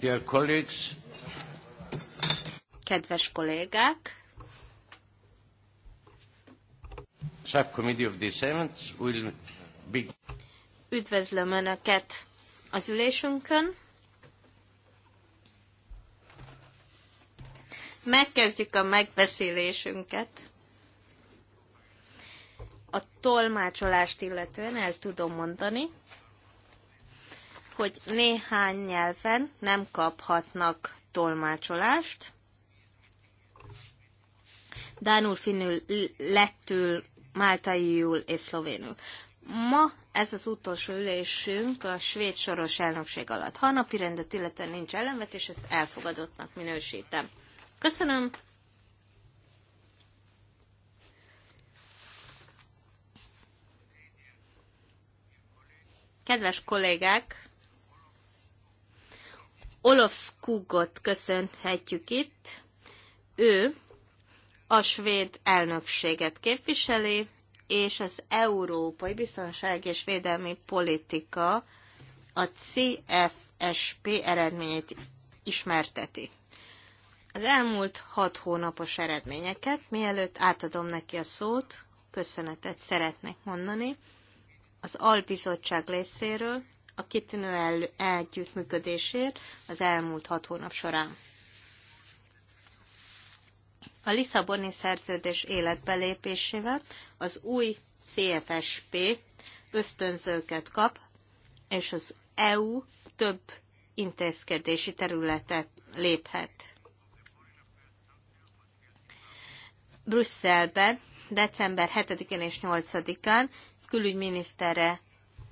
Dear colleagues. Kedves kollégák. Subcommittee of the will be... Üdvözlöm Önöket az ülésünkön. Megkezdjük a megbeszélésünket. A tolmácsolást illetően el tudom mondani, hogy néhány nyelven nem kaphatnak tolmácsolást. Dánul, finnül, lettül, máltaiul és szlovénul. Ma ez az utolsó ülésünk a svéd soros elnökség alatt. Ha napi rendet illetve nincs és ezt elfogadottnak minősítem. Köszönöm! Kedves kollégák! Olof Skugot köszönhetjük itt. Ő a svéd elnökséget képviseli, és az Európai Biztonság és Védelmi Politika a CFSP eredményét ismerteti. Az elmúlt hat hónapos eredményeket, mielőtt átadom neki a szót, köszönetet szeretnék mondani az Albizottság részéről, a kitűnő el- együttműködésért az elmúlt hat hónap során. A Lisszaboni szerződés életbelépésével az új CFSP ösztönzőket kap, és az EU több intézkedési területet léphet. Brüsszelbe december 7-én és 8-án külügyminisztere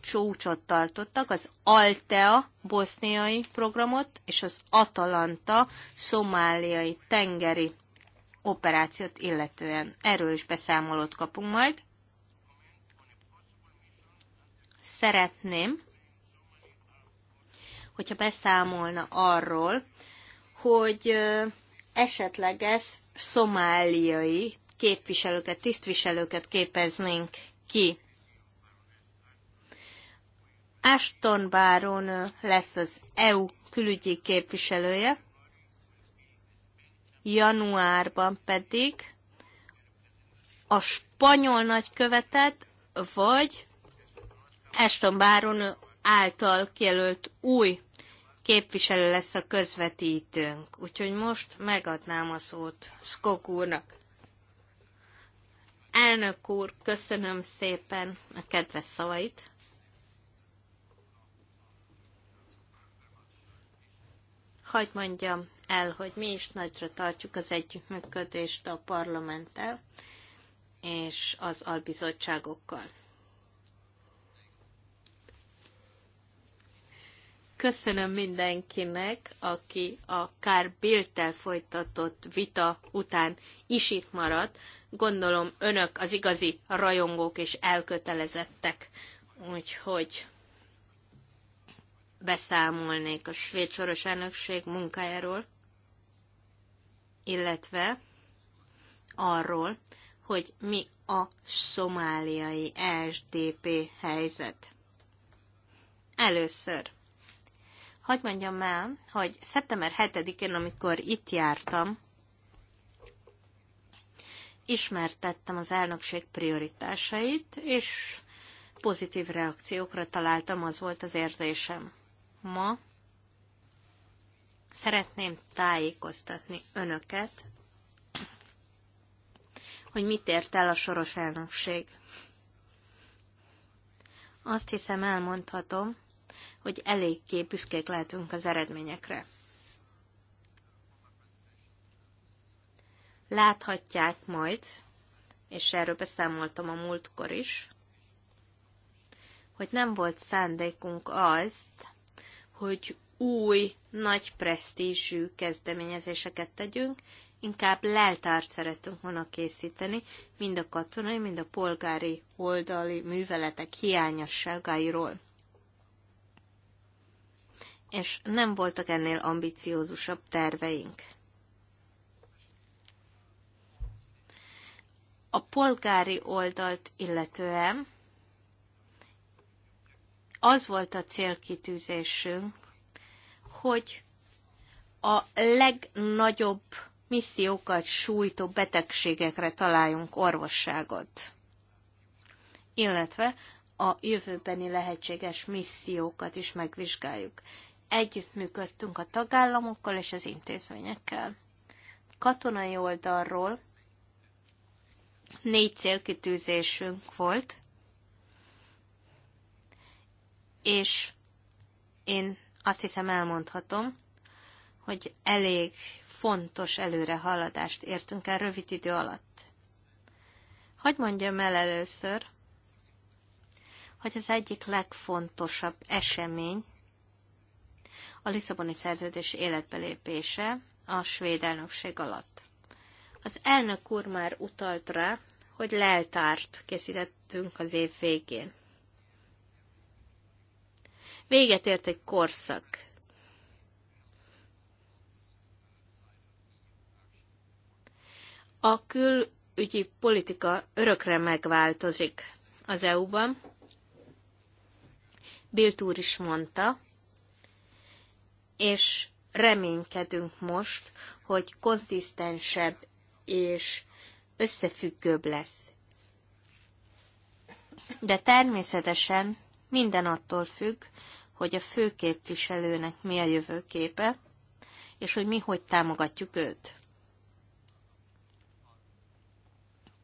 csúcsot tartottak, az Altea boszniai programot és az Atalanta szomáliai tengeri operációt illetően. Erről is beszámolót kapunk majd. Szeretném, hogyha beszámolna arról, hogy esetleges szomáliai képviselőket, tisztviselőket képeznénk ki Ashton Báron lesz az EU külügyi képviselője, januárban pedig a spanyol nagykövetet, vagy Ashton Báron által kijelölt új képviselő lesz a közvetítőnk. Úgyhogy most megadnám a szót Skok úrnak. Elnök úr, köszönöm szépen a kedves szavait. hagyd mondjam el, hogy mi is nagyra tartjuk az együttműködést a parlamenttel és az albizottságokkal. köszönöm mindenkinek, aki a Kár Biltel folytatott vita után is itt maradt. Gondolom önök az igazi rajongók és elkötelezettek. Úgyhogy beszámolnék a svéd soros elnökség munkájáról, illetve arról, hogy mi a szomáliai SDP helyzet. Először. Hogy mondjam el, hogy szeptember 7-én, amikor itt jártam, ismertettem az elnökség prioritásait, és pozitív reakciókra találtam, az volt az érzésem ma szeretném tájékoztatni önöket, hogy mit ért el a soros elnökség. Azt hiszem elmondhatom, hogy eléggé büszkék lehetünk az eredményekre. Láthatják majd, és erről beszámoltam a múltkor is, hogy nem volt szándékunk azt, hogy új, nagy presztízsű kezdeményezéseket tegyünk, inkább leltárt szeretünk volna készíteni, mind a katonai, mind a polgári oldali műveletek hiányosságairól. És nem voltak ennél ambiciózusabb terveink. A polgári oldalt illetően az volt a célkitűzésünk, hogy a legnagyobb missziókat sújtó betegségekre találjunk orvosságot, illetve a jövőbeni lehetséges missziókat is megvizsgáljuk. Együttműködtünk a tagállamokkal és az intézményekkel. Katonai oldalról négy célkitűzésünk volt, és én azt hiszem elmondhatom, hogy elég fontos előrehaladást értünk el rövid idő alatt. Hogy mondjam el először, hogy az egyik legfontosabb esemény a Lisszaboni szerződés életbelépése a svéd elnökség alatt. Az elnök úr már utalt rá, hogy leltárt készítettünk az év végén. Véget ért egy korszak. A külügyi politika örökre megváltozik az EU-ban. Bilt úr is mondta, és reménykedünk most, hogy konzisztensebb és összefüggőbb lesz. De természetesen minden attól függ, hogy a főképviselőnek mi a jövőképe, és hogy mi hogy támogatjuk őt.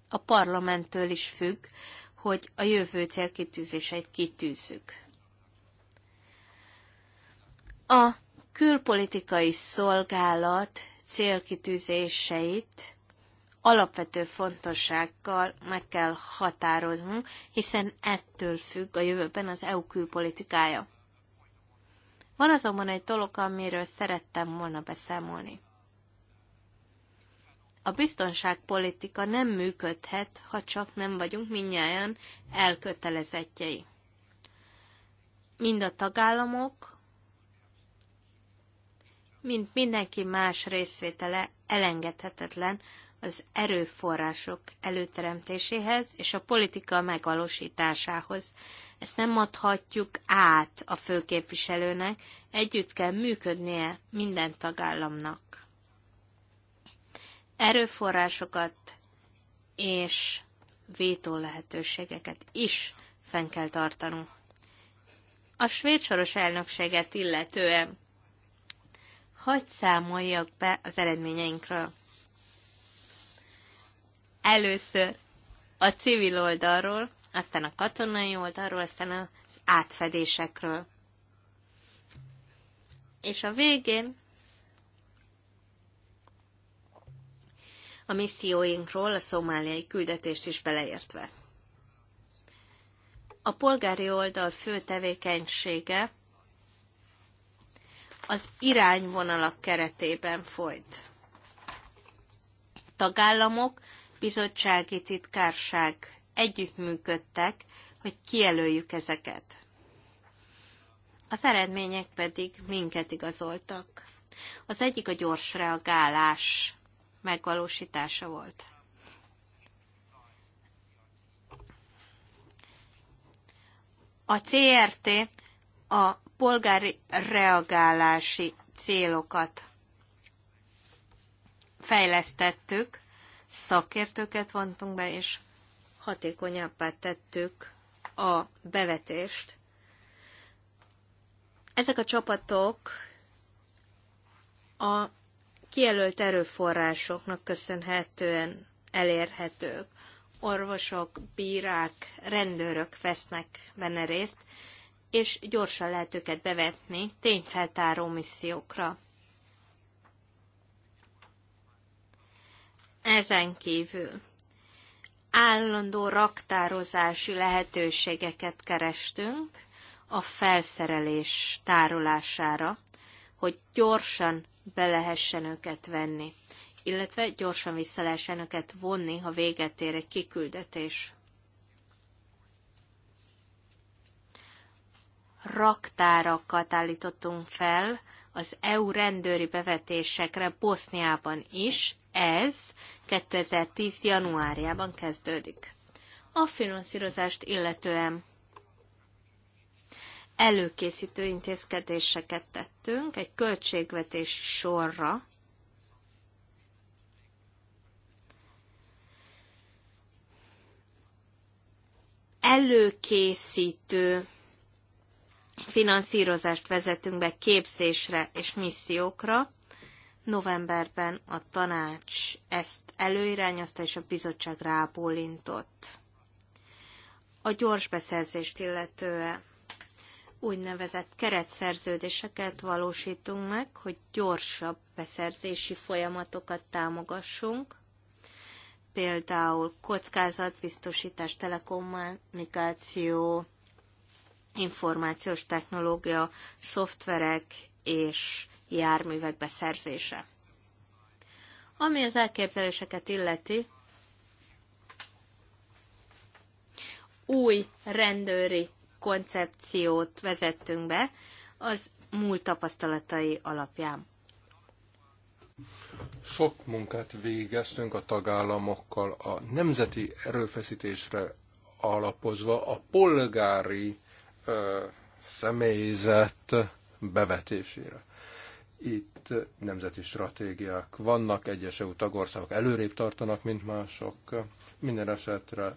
A parlamenttől is függ, hogy a jövő célkitűzéseit kitűzzük. A külpolitikai szolgálat célkitűzéseit alapvető fontossággal meg kell határoznunk, hiszen ettől függ a jövőben az EU külpolitikája. Van azonban egy dolog, amiről szerettem volna beszámolni. A biztonságpolitika nem működhet, ha csak nem vagyunk minnyáján elkötelezettjei. Mind a tagállamok, mint mindenki más részvétele elengedhetetlen az erőforrások előteremtéséhez és a politika megvalósításához. Ezt nem adhatjuk át a főképviselőnek, együtt kell működnie minden tagállamnak. Erőforrásokat és vétó lehetőségeket is fenn kell tartanunk. A svéd soros elnökséget illetően hagy számoljak be az eredményeinkről. Először a civil oldalról, aztán a katonai oldalról, aztán az átfedésekről. És a végén a misszióinkról a szomáliai küldetést is beleértve. A polgári oldal fő tevékenysége az irányvonalak keretében folyt. Tagállamok bizottsági titkárság együttműködtek, hogy kijelöljük ezeket. Az eredmények pedig minket igazoltak. Az egyik a gyors reagálás megvalósítása volt. A CRT a polgári reagálási célokat fejlesztettük, szakértőket vontunk be, és hatékonyabbá tettük a bevetést. Ezek a csapatok a kijelölt erőforrásoknak köszönhetően elérhetők. Orvosok, bírák, rendőrök vesznek benne részt, és gyorsan lehet őket bevetni tényfeltáró missziókra. Ezen kívül állandó raktározási lehetőségeket kerestünk a felszerelés tárolására, hogy gyorsan be lehessen őket venni, illetve gyorsan vissza lehessen őket vonni, ha véget ér egy kiküldetés. Raktárakat állítottunk fel az EU rendőri bevetésekre Boszniában is, ez 2010. januárjában kezdődik. A finanszírozást illetően előkészítő intézkedéseket tettünk egy költségvetési sorra, előkészítő finanszírozást vezetünk be képzésre és missziókra, Novemberben a tanács ezt előirányozta, és a bizottság rábólintott. A gyors beszerzést illetően úgynevezett keretszerződéseket valósítunk meg, hogy gyorsabb beszerzési folyamatokat támogassunk, például kockázatbiztosítás, telekommunikáció, információs technológia, szoftverek és járművek beszerzése. Ami az elképzeléseket illeti, új rendőri koncepciót vezettünk be az múlt tapasztalatai alapján. Sok munkát végeztünk a tagállamokkal a nemzeti erőfeszítésre alapozva a polgári ö, személyzet bevetésére. Itt nemzeti stratégiák vannak, egyes EU tagországok előrébb tartanak, mint mások. Minden esetre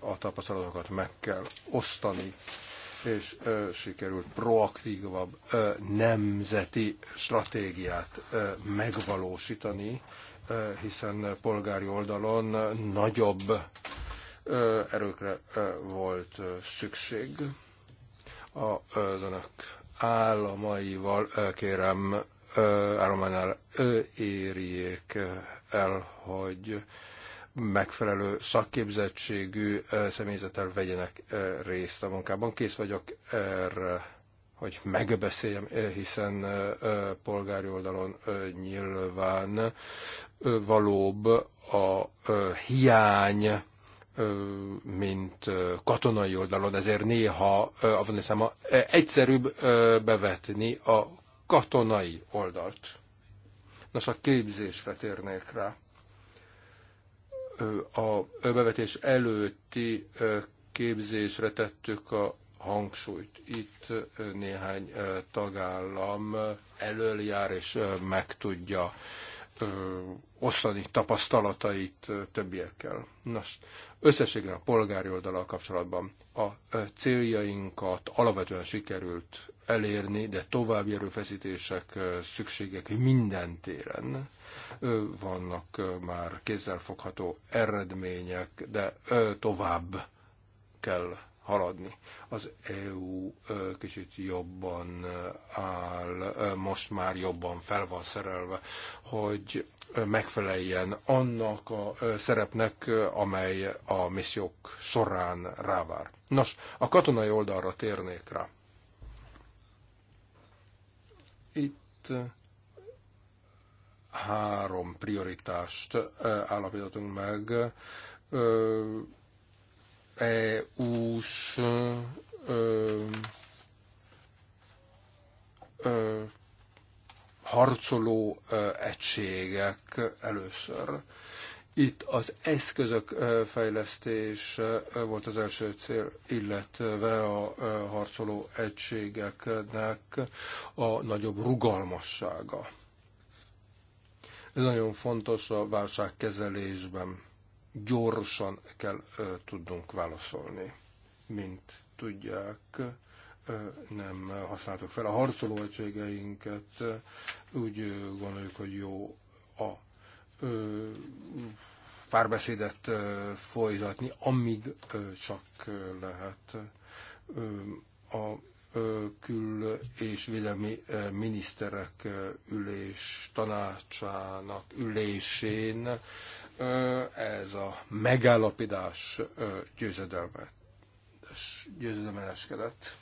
a tapasztalatokat meg kell osztani, és sikerült proaktívabb nemzeti stratégiát megvalósítani, hiszen polgári oldalon nagyobb erőkre volt szükség. A önök államaival kérem állománál érjék el, hogy megfelelő szakképzettségű személyzettel vegyenek részt a munkában. Kész vagyok erre hogy megbeszéljem, hiszen polgári oldalon nyilván valóbb a hiány, mint katonai oldalon, ezért néha a egyszerűbb bevetni a katonai oldalt. Nos, a képzésre térnék rá. A bevetés előtti képzésre tettük a hangsúlyt. Itt néhány tagállam elől jár és meg tudja osztani tapasztalatait többiekkel. Nos, összességében a polgári oldalal kapcsolatban a céljainkat alapvetően sikerült elérni, de további erőfeszítések szükségek minden téren. Vannak már kézzelfogható eredmények, de tovább kell haladni. Az EU kicsit jobban áll, most már jobban fel van szerelve, hogy megfeleljen annak a szerepnek, amely a missziók során rávár. Nos, a katonai oldalra térnék rá. Itt három prioritást állapítottunk meg EU-s ö, harcoló egységek először. Itt az eszközök fejlesztés volt az első cél, illetve a harcoló egységeknek a nagyobb rugalmassága. Ez nagyon fontos a válságkezelésben gyorsan kell tudnunk válaszolni. Mint tudják, nem használtuk fel a harcoló egységeinket, úgy gondoljuk, hogy jó a párbeszédet folytatni, amíg csak lehet a kül- és védelmi miniszterek ülés tanácsának ülésén ez a megállapodás győzedelmet, győzedelmeskedett.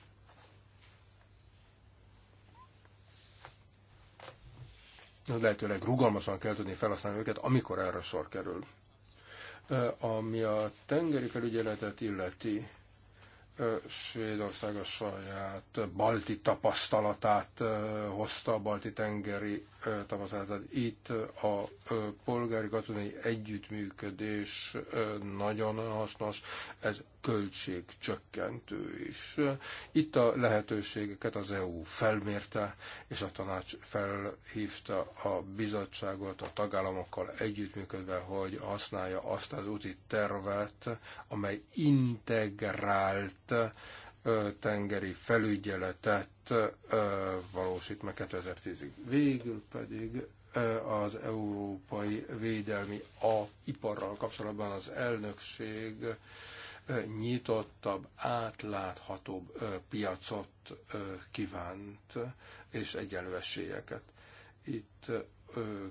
Lehetőleg rugalmasan kell tudni felhasználni őket, amikor erre sor kerül. Ami a tengeri felügyeletet illeti, Svédország a saját balti tapasztalatát hozta a balti tengeri tapasztalatát. Itt a polgári katonai együttműködés nagyon hasznos, ez költségcsökkentő is. Itt a lehetőségeket az EU felmérte, és a tanács felhívta a bizottságot a tagállamokkal együttműködve, hogy használja azt az úti tervet, amely integrált tengeri felügyeletet valósít meg 2010-ig. Végül pedig az Európai Védelmi A iparral kapcsolatban az elnökség nyitottabb, átláthatóbb piacot kívánt, és egyenlő esélyeket. Itt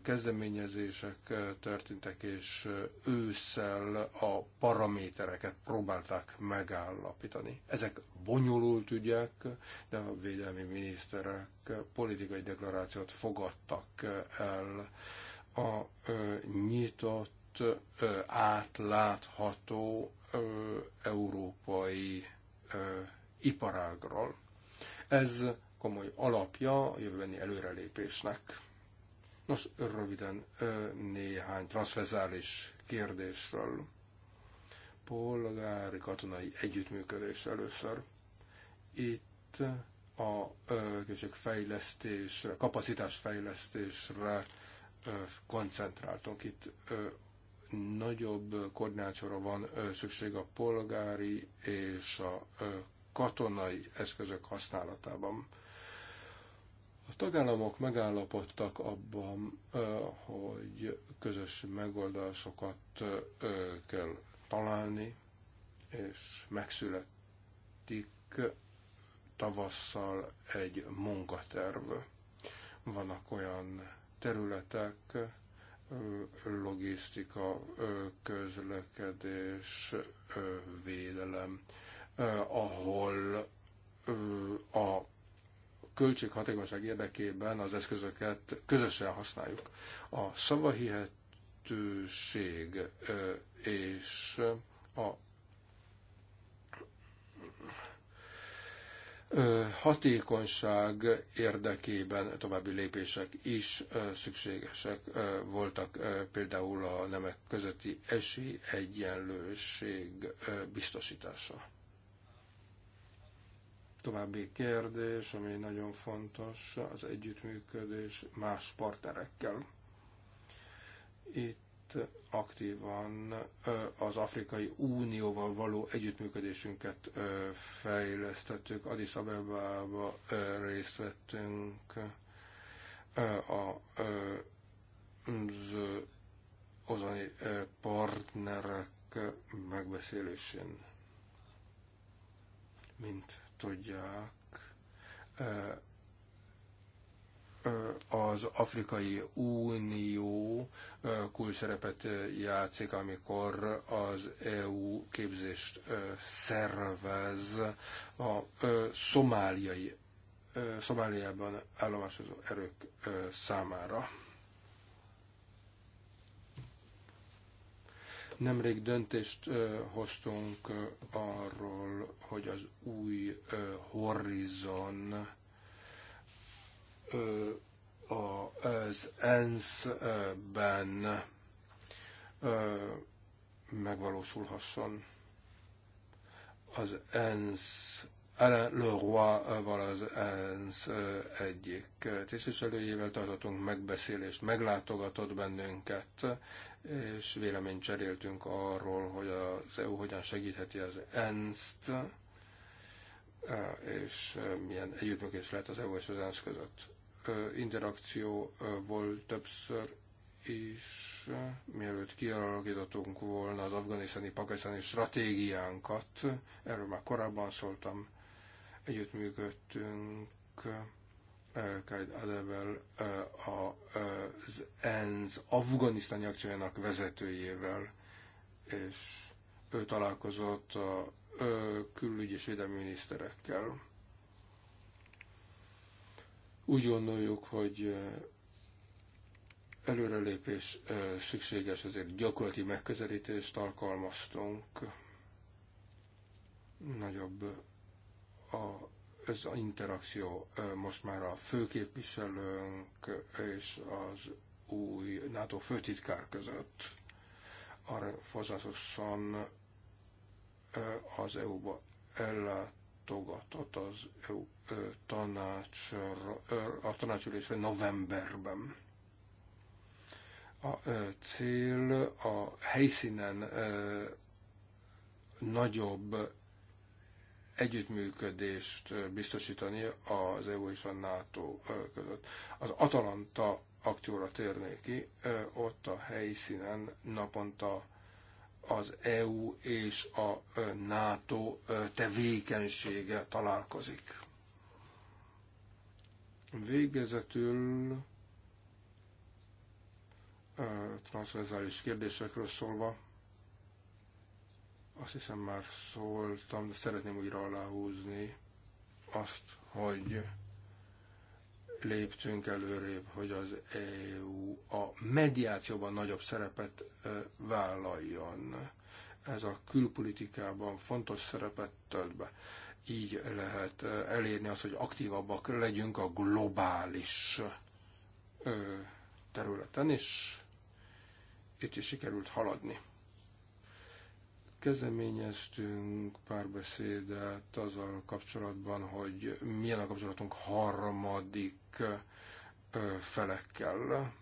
kezdeményezések történtek, és ősszel a paramétereket próbálták megállapítani. Ezek bonyolult ügyek, de a védelmi miniszterek politikai deklarációt fogadtak el a nyitott, átlátható európai iparágról. Ez komoly alapja a jövőbeni előrelépésnek. Nos, röviden néhány transzfezális kérdésről. Polgári katonai együttműködés először. Itt a fejlesztésre, kapacitásfejlesztésre koncentráltunk. Itt nagyobb koordinációra van szükség a polgári és a katonai eszközök használatában a tagállamok megállapodtak abban, hogy közös megoldásokat kell találni, és megszületik tavasszal egy munkaterv. Vannak olyan területek, logisztika, közlekedés, védelem, ahol a költséghatékonyság érdekében az eszközöket közösen használjuk. A szavahihetőség és a hatékonyság érdekében további lépések is szükségesek voltak, például a nemek közötti esélyegyenlőség biztosítása. További kérdés, ami nagyon fontos, az együttműködés más partnerekkel. Itt aktívan az Afrikai Unióval való együttműködésünket fejlesztettük. Addis Abebába részt vettünk a ozani partnerek megbeszélésén, mint tudják az Afrikai Unió kulcsszerepet játszik, amikor az EU képzést szervez a szomáliai, Szomáliában állomásozó erők számára. Nemrég döntést hoztunk arról, hogy az új Horizon az ENSZ-ben megvalósulhasson. Az ENSZ Alain Leroy-val az ENSZ egyik tisztviselőjével tartottunk megbeszélést, meglátogatott bennünket, és véleményt cseréltünk arról, hogy az EU hogyan segítheti az ENSZ-t, e, és e, milyen együttműködés lehet az EU és az ENSZ között. E, interakció volt többször is, mielőtt kialakítottunk volna az afganisztáni pakisztáni stratégiánkat, erről már korábban szóltam, együttműködtünk Kajd Adevel az ENSZ afganisztáni akciójának vezetőjével, és ő találkozott a külügy és védelmi miniszterekkel. Úgy gondoljuk, hogy előrelépés szükséges, ezért gyakorlati megközelítést alkalmaztunk. Nagyobb a az interakció most már a főképviselőnk és az új NATO főtitkár között. Arra fokozatosan az EU-ba ellátogatott az EU tanácsra, a tanácsülésre novemberben. A cél a helyszínen nagyobb együttműködést biztosítani az EU és a NATO között. Az Atalanta akcióra térnék ki, ott a helyszínen naponta az EU és a NATO tevékenysége találkozik. Végezetül transzverzális kérdésekről szólva, azt hiszem már szóltam, de szeretném újra aláhúzni azt, hogy léptünk előrébb, hogy az EU a mediációban nagyobb szerepet vállaljon. Ez a külpolitikában fontos szerepet tölt be. Így lehet elérni azt, hogy aktívabbak legyünk a globális területen, és itt is sikerült haladni. Kezdeményeztünk párbeszédet azzal kapcsolatban, hogy milyen a kapcsolatunk harmadik felekkel.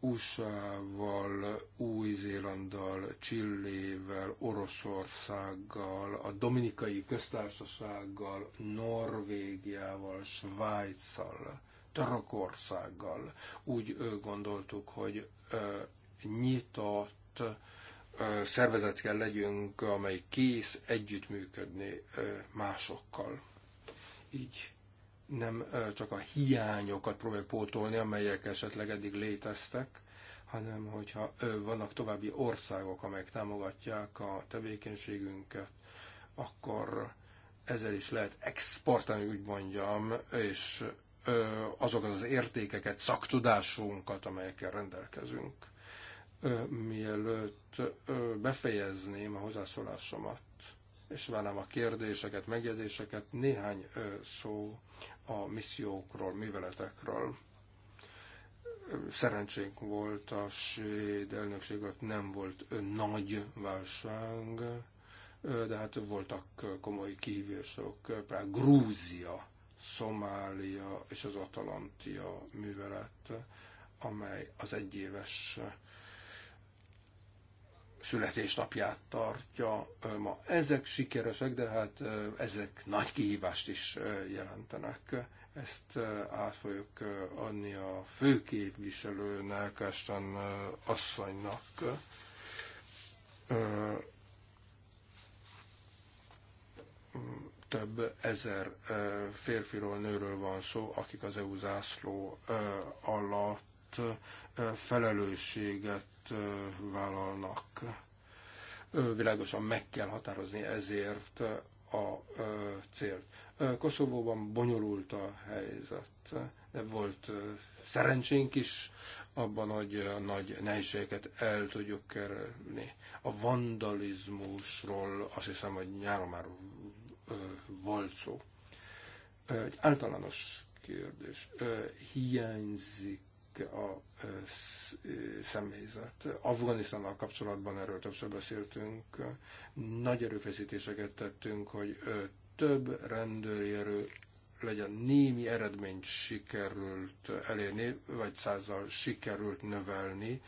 USA-val, Új-Zélanddal, Csillével, Oroszországgal, a Dominikai Köztársasággal, Norvégiával, Svájccal. Törökországgal. Úgy gondoltuk, hogy nyitott szervezet kell legyünk, amely kész együttműködni másokkal. Így nem csak a hiányokat próbáljuk pótolni, amelyek esetleg eddig léteztek, hanem hogyha vannak további országok, amelyek támogatják a tevékenységünket, akkor ezzel is lehet exportálni, úgy mondjam, és azokat az értékeket, szaktudásunkat, amelyekkel rendelkezünk. Mielőtt befejezném a hozzászólásomat, és várnám a kérdéseket, megjegyzéseket, néhány szó a missziókról, műveletekről. Szerencsénk volt a svéd elnökség, ott nem volt nagy válság, de hát voltak komoly kihívások, például Grúzia Szomália és az Atalantia művelet, amely az egyéves születésnapját tartja ma. Ezek sikeresek, de hát ezek nagy kihívást is jelentenek. Ezt át fogjuk adni a főképviselőnek, Esten asszonynak több ezer férfiról, nőről van szó, akik az EU zászló alatt felelősséget vállalnak. Világosan meg kell határozni ezért a célt. Koszovóban bonyolult a helyzet, de volt szerencsénk is abban, hogy a nagy nehézségeket el tudjuk kerülni. A vandalizmusról azt hiszem, hogy nyáron már volt szó. Egy általános kérdés. Hiányzik a személyzet. Afganisztánnal kapcsolatban erről többször beszéltünk. Nagy erőfeszítéseket tettünk, hogy több rendőri erő legyen némi eredményt sikerült elérni, vagy százal sikerült növelni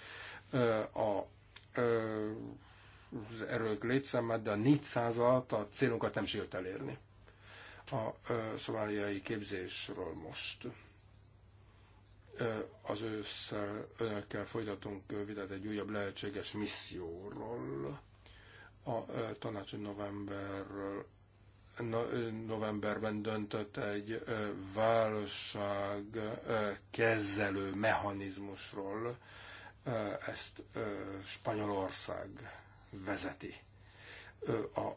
a az erők létszámát, de a 400 alatt a célunkat nem sikerült elérni. A szomáliai képzésről most az ősszel önökkel folytatunk vitát egy újabb lehetséges misszióról. A tanács novemberről novemberben döntött egy válság kezelő mechanizmusról, ezt Spanyolország vezeti. A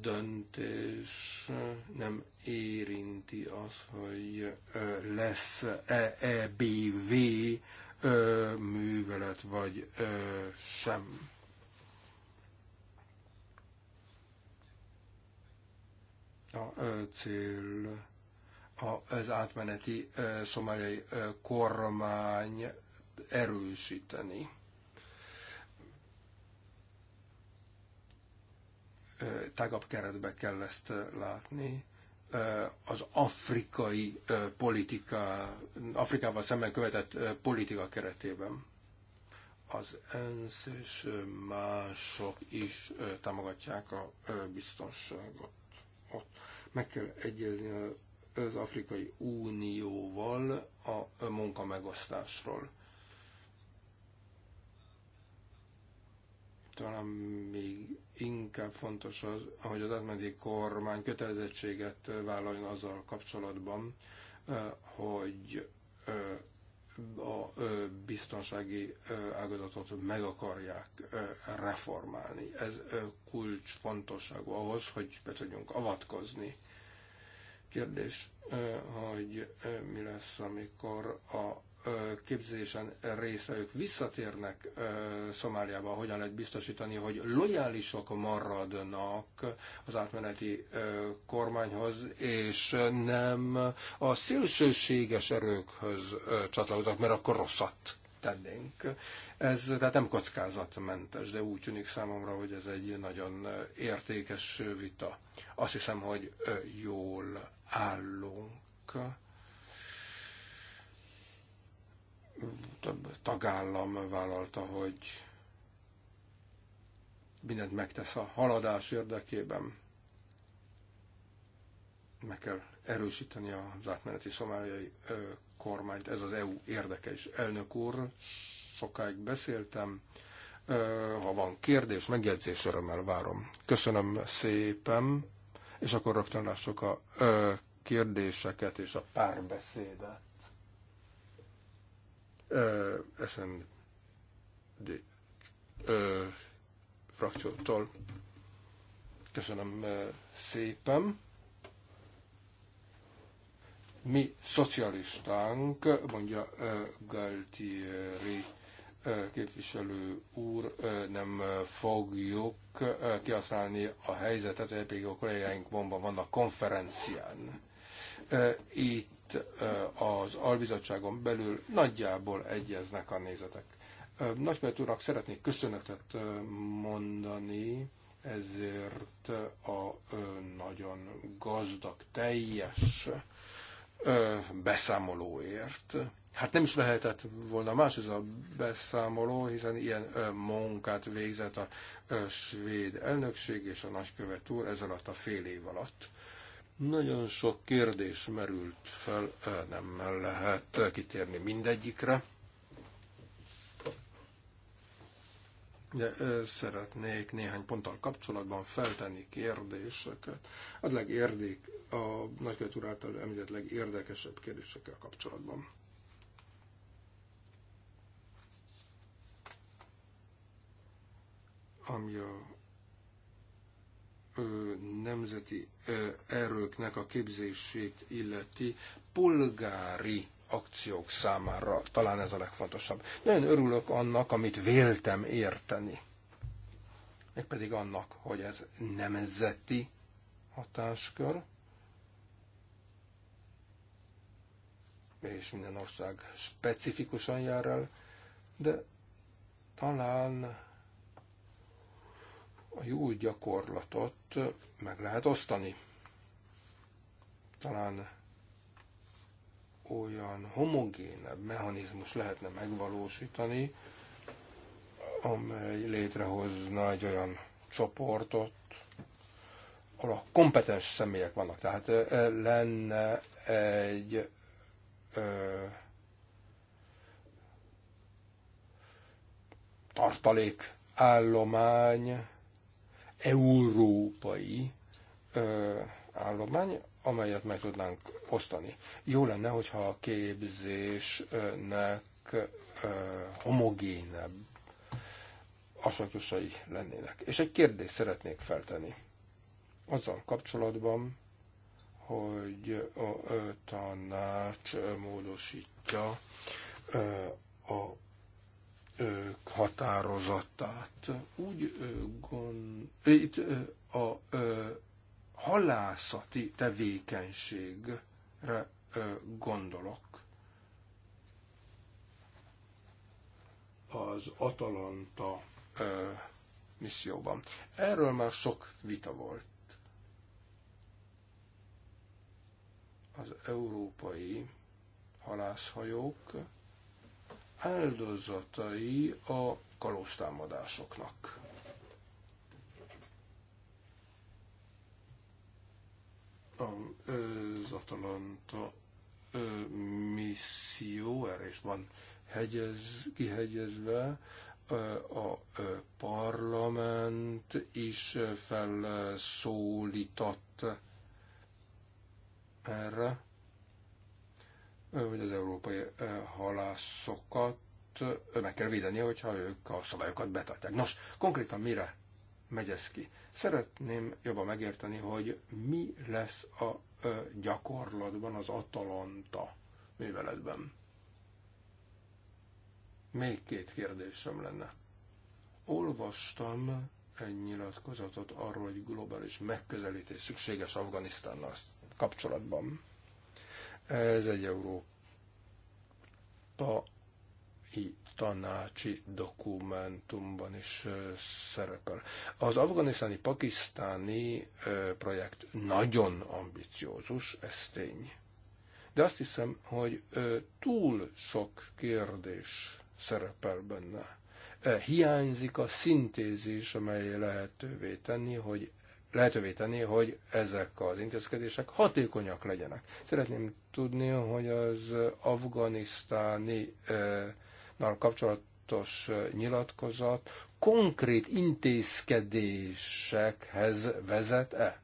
döntés nem érinti az, hogy lesz EBV művelet vagy sem. A cél az átmeneti szomáliai kormány erősíteni. tágabb keretbe kell ezt látni. Az afrikai politika, Afrikával szemben követett politika keretében az ENSZ és mások is támogatják a biztonságot. Ott meg kell egyezni az Afrikai Unióval a munkamegosztásról. talán még inkább fontos az, hogy az átmeneti kormány kötelezettséget vállaljon azzal kapcsolatban, hogy a biztonsági ágazatot meg akarják reformálni. Ez kulcsfontosságú ahhoz, hogy be tudjunk avatkozni. Kérdés, hogy mi lesz, amikor a képzésen része, ők visszatérnek Szomáliába, hogyan lehet biztosítani, hogy lojálisok maradnak az átmeneti kormányhoz, és nem a szélsőséges erőkhöz csatlakoznak, mert akkor rosszat tennénk. Ez tehát nem kockázatmentes, de úgy tűnik számomra, hogy ez egy nagyon értékes vita. Azt hiszem, hogy jól állunk több tagállam vállalta, hogy mindent megtesz a haladás érdekében. Meg kell erősíteni az átmeneti szomáliai kormányt. Ez az EU érdeke is. Elnök úr, sokáig beszéltem. Ha van kérdés, megjegyzés, örömmel várom. Köszönöm szépen, és akkor rögtön lássuk a kérdéseket és a párbeszédet uh, frakciótól. Köszönöm szépen. Mi szocialistánk, mondja Galtieri képviselő úr, nem fogjuk kihasználni a helyzetet, hogy a kollégáink bomba vannak konferencián. Itt az albizottságon belül nagyjából egyeznek a nézetek. Nagykövet úrnak szeretnék köszönetet mondani ezért a nagyon gazdag, teljes beszámolóért. Hát nem is lehetett volna más ez a beszámoló, hiszen ilyen munkát végzett a svéd elnökség és a nagykövet úr ez alatt a fél év alatt. Nagyon sok kérdés merült fel, nem lehet kitérni mindegyikre. De szeretnék néhány ponttal kapcsolatban feltenni kérdéseket. A legérdék, a nagykövetúr által említett legérdekesebb kérdésekkel kapcsolatban. Ami a nemzeti erőknek a képzését illeti polgári akciók számára. Talán ez a legfontosabb. Nagyon örülök annak, amit véltem érteni. Mégpedig annak, hogy ez nemzeti hatáskör, és minden ország specifikusan jár el, de talán a jó gyakorlatot meg lehet osztani. Talán olyan homogénebb mechanizmus lehetne megvalósítani, amely létrehozna egy olyan csoportot, ahol a kompetens személyek vannak. Tehát lenne egy ö, tartalék állomány, európai állomány, amelyet meg tudnánk osztani. Jó lenne, hogyha a képzésnek homogénebb aspektusai lennének. És egy kérdést szeretnék feltenni. Azzal kapcsolatban, hogy a tanács módosítja a határozatát. Úgy gond... Itt a halászati tevékenységre gondolok. Az Atalanta misszióban. Erről már sok vita volt. Az európai halászhajók áldozatai a kalóztámadásoknak. Az Atalanta misszió, erre is van hegyez, kihegyezve, a parlament is felszólított erre hogy az európai halászokat meg kell védeni, hogyha ők a szabályokat betartják. Nos, konkrétan mire megy ez ki? Szeretném jobban megérteni, hogy mi lesz a gyakorlatban az Atalanta műveletben. Még két kérdésem lenne. Olvastam egy nyilatkozatot arról, hogy globális megközelítés szükséges Afganisztánnal kapcsolatban. Ez egy európai tanácsi dokumentumban is szerepel. Az afganisztáni-pakisztáni projekt nagyon ambiciózus, ez tény. De azt hiszem, hogy túl sok kérdés szerepel benne hiányzik a szintézis, amely lehetővé tenni, hogy lehetővé tenni, hogy ezek az intézkedések hatékonyak legyenek. Szeretném tudni, hogy az afganisztáni eh, kapcsolatos eh, nyilatkozat konkrét intézkedésekhez vezet-e?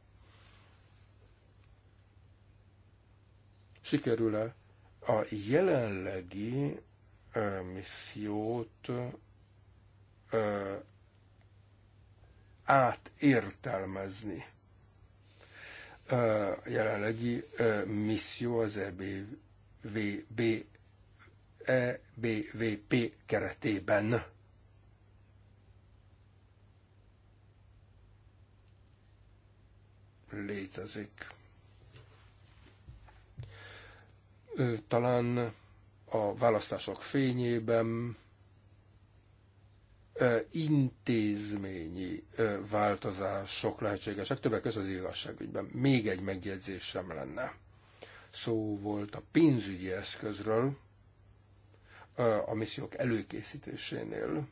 Sikerül-e a jelenlegi eh, missziót átértelmezni. A jelenlegi misszió az EBVB, EBVP keretében. létezik. Talán a választások fényében intézményi változások lehetségesek, többek között az igazságügyben. Még egy megjegyzésem lenne. Szó volt a pénzügyi eszközről, a missziók előkészítésénél.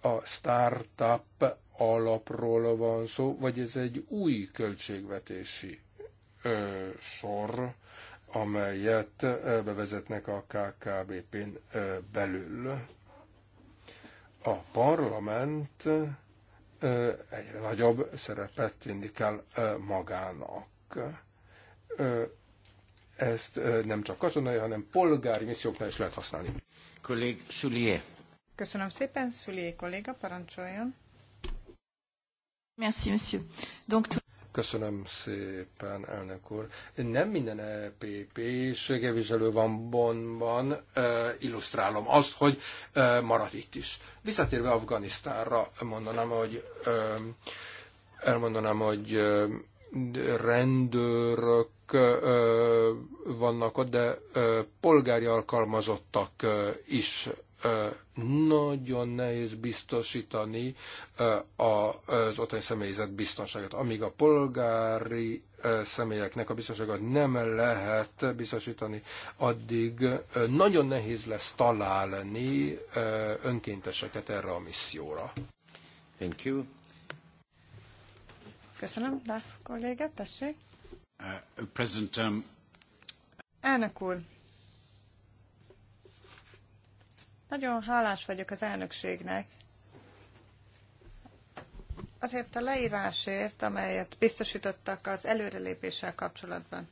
A startup alapról van szó, vagy ez egy új költségvetési ö, sor, amelyet bevezetnek a KKBP-n belül a parlament egyre nagyobb szerepet indikál magának. Ezt nem csak katonai, hanem polgári misszióknál is lehet használni. Kollég Sulier. Köszönöm szépen, Sulier kolléga, parancsoljon. Merci, monsieur. Donc, Köszönöm szépen, elnök úr. Nem minden EPP képviselő van Bonban, illusztrálom azt, hogy marad itt is. Visszatérve Afganisztánra, mondanám, hogy elmondanám, hogy rendőrök vannak ott, de polgári alkalmazottak is nagyon nehéz biztosítani az otthoni személyzet biztonságát. Amíg a polgári személyeknek a biztonságot nem lehet biztosítani, addig nagyon nehéz lesz találni önkénteseket erre a misszióra. Thank you. Köszönöm, Dáv kolléga, tessék. Uh, President, um... Elnök úr, Nagyon hálás vagyok az elnökségnek, azért a leírásért, amelyet biztosítottak az előrelépéssel kapcsolatban.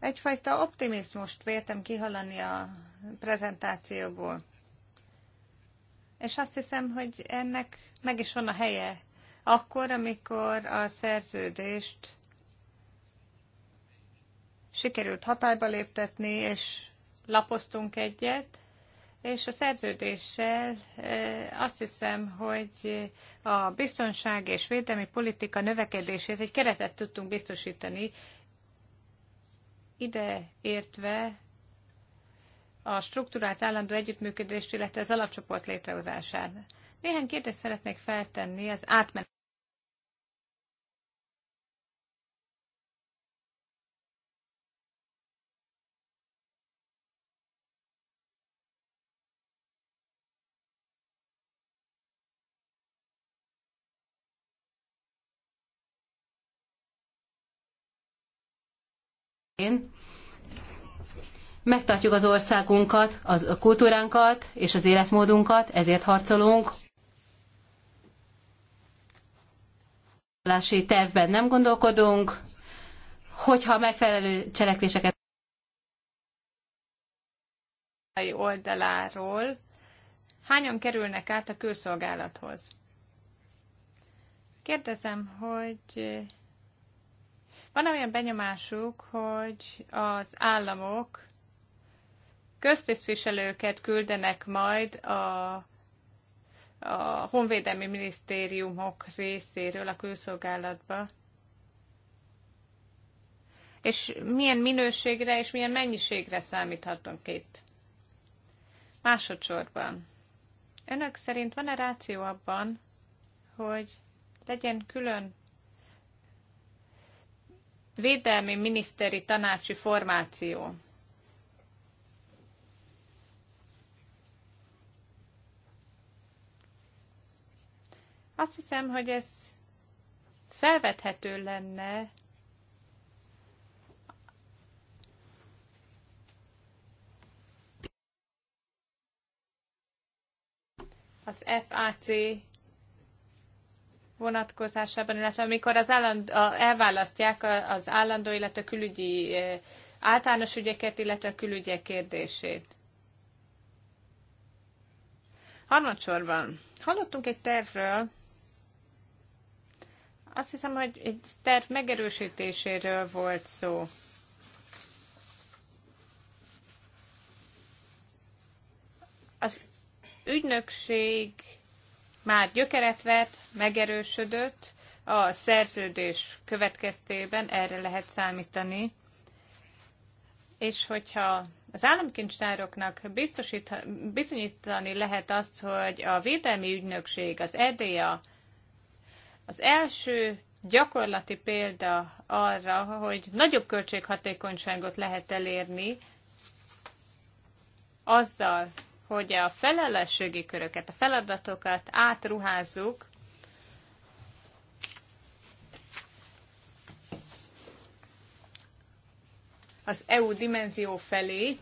Egyfajta optimizmust véltem kihallani a prezentációból. És azt hiszem, hogy ennek meg is van a helye akkor, amikor a szerződést sikerült hatályba léptetni, és lapoztunk egyet, és a szerződéssel azt hiszem, hogy a biztonság és védelmi politika növekedéséhez egy keretet tudtunk biztosítani, ide értve a struktúrált állandó együttműködést, illetve az alapcsoport létrehozását. Néhány kérdést szeretnék feltenni az átmenet én megtartjuk az országunkat, az, a kultúránkat és az életmódunkat, ezért harcolunk. A tervben nem gondolkodunk, hogyha megfelelő cselekvéseket oldaláról hányan kerülnek át a külszolgálathoz? Kérdezem, hogy van olyan benyomásuk, hogy az államok köztisztviselőket küldenek majd a, a honvédelmi minisztériumok részéről a külszolgálatba. És milyen minőségre és milyen mennyiségre számíthatunk itt? Másodszorban. Önök szerint van-e ráció abban, hogy legyen külön Védelmi miniszteri tanácsi formáció. Azt hiszem, hogy ez felvethető lenne az FAC vonatkozásában, illetve amikor az álland, a, elválasztják az állandó, illetve külügyi általános ügyeket, illetve a külügyek kérdését. Harmadsorban, hallottunk egy tervről, azt hiszem, hogy egy terv megerősítéséről volt szó. Az ügynökség már gyökeret vett, megerősödött, a szerződés következtében erre lehet számítani, és hogyha az államkincstároknak bizonyítani lehet azt, hogy a védelmi ügynökség, az EDEA az első gyakorlati példa arra, hogy nagyobb költséghatékonyságot lehet elérni azzal, hogy a felelősségi köröket, a feladatokat átruházzuk az EU dimenzió felé.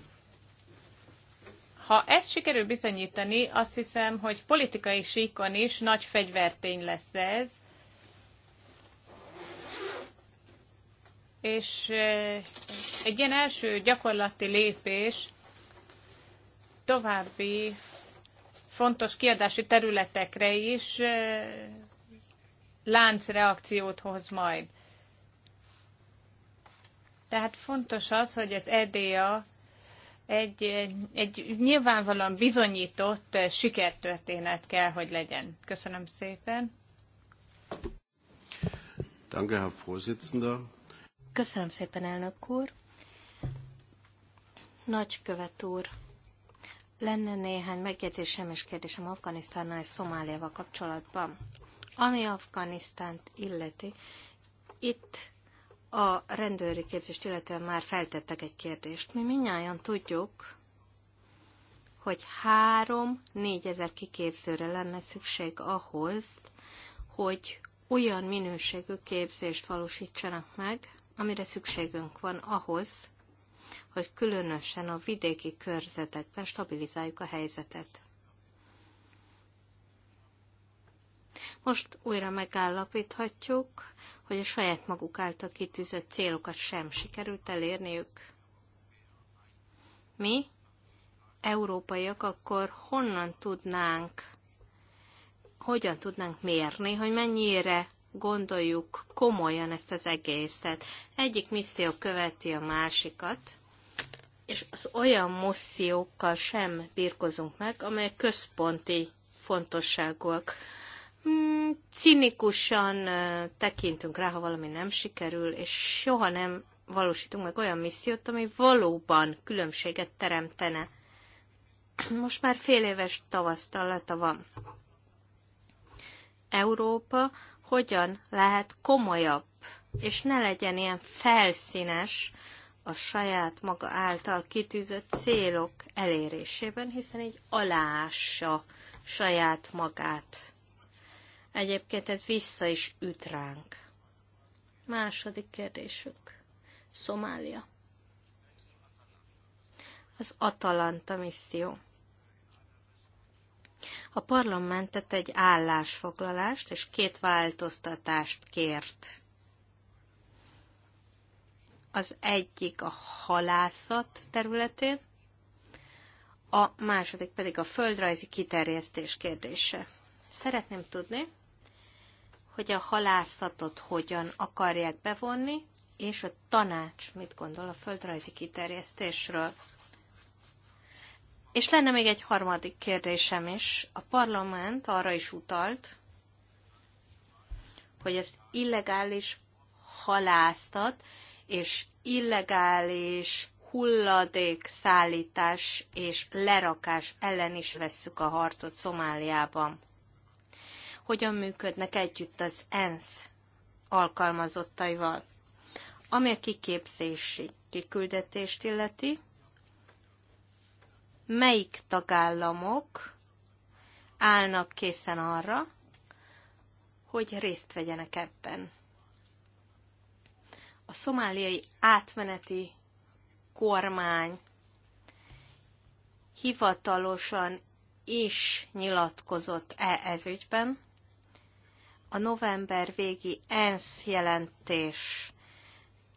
Ha ezt sikerül bizonyítani, azt hiszem, hogy politikai síkon is nagy fegyvertény lesz ez, és eh, egy ilyen első gyakorlati lépés további fontos kiadási területekre is láncreakciót hoz majd. Tehát fontos az, hogy az EDA egy, egy nyilvánvalóan bizonyított sikertörténet kell, hogy legyen. Köszönöm szépen. Danke, Herr Vorsitzender. Köszönöm szépen, elnök úr. Nagykövet úr, lenne néhány megjegyzésem és kérdésem Afganisztánnal és Szomáliával kapcsolatban. Ami Afganisztánt illeti, itt a rendőri képzést illetően már feltettek egy kérdést. Mi minnyáján tudjuk, hogy három-négy ezer kiképzőre lenne szükség ahhoz, hogy olyan minőségű képzést valósítsanak meg, amire szükségünk van ahhoz, hogy különösen a vidéki körzetekben stabilizáljuk a helyzetet. Most újra megállapíthatjuk, hogy a saját maguk által kitűzött célokat sem sikerült elérniük. Mi, európaiak, akkor honnan tudnánk, hogyan tudnánk mérni, hogy mennyire gondoljuk komolyan ezt az egészet. Egyik misszió követi a másikat, és az olyan mossziókkal sem birkozunk meg, amelyek központi fontosságúak. Hmm, cinikusan tekintünk rá, ha valami nem sikerül, és soha nem valósítunk meg olyan missziót, ami valóban különbséget teremtene. Most már fél éves tavasztalata van. Európa hogyan lehet komolyabb, és ne legyen ilyen felszínes, a saját maga által kitűzött célok elérésében, hiszen így alássa saját magát. Egyébként ez vissza is üt ránk. Második kérdésünk. Szomália. Az Atalanta misszió. A parlamentet egy állásfoglalást és két változtatást kért az egyik a halászat területén, a második pedig a földrajzi kiterjesztés kérdése. Szeretném tudni, hogy a halászatot hogyan akarják bevonni, és a tanács mit gondol a földrajzi kiterjesztésről. És lenne még egy harmadik kérdésem is. A parlament arra is utalt, hogy az illegális halásztat és illegális hulladék szállítás és lerakás ellen is vesszük a harcot Szomáliában. Hogyan működnek együtt az ENSZ alkalmazottaival? Ami a kiképzési kiküldetést illeti, melyik tagállamok állnak készen arra, hogy részt vegyenek ebben? a szomáliai átmeneti kormány hivatalosan is nyilatkozott e ez ügyben. A november végi ENSZ jelentés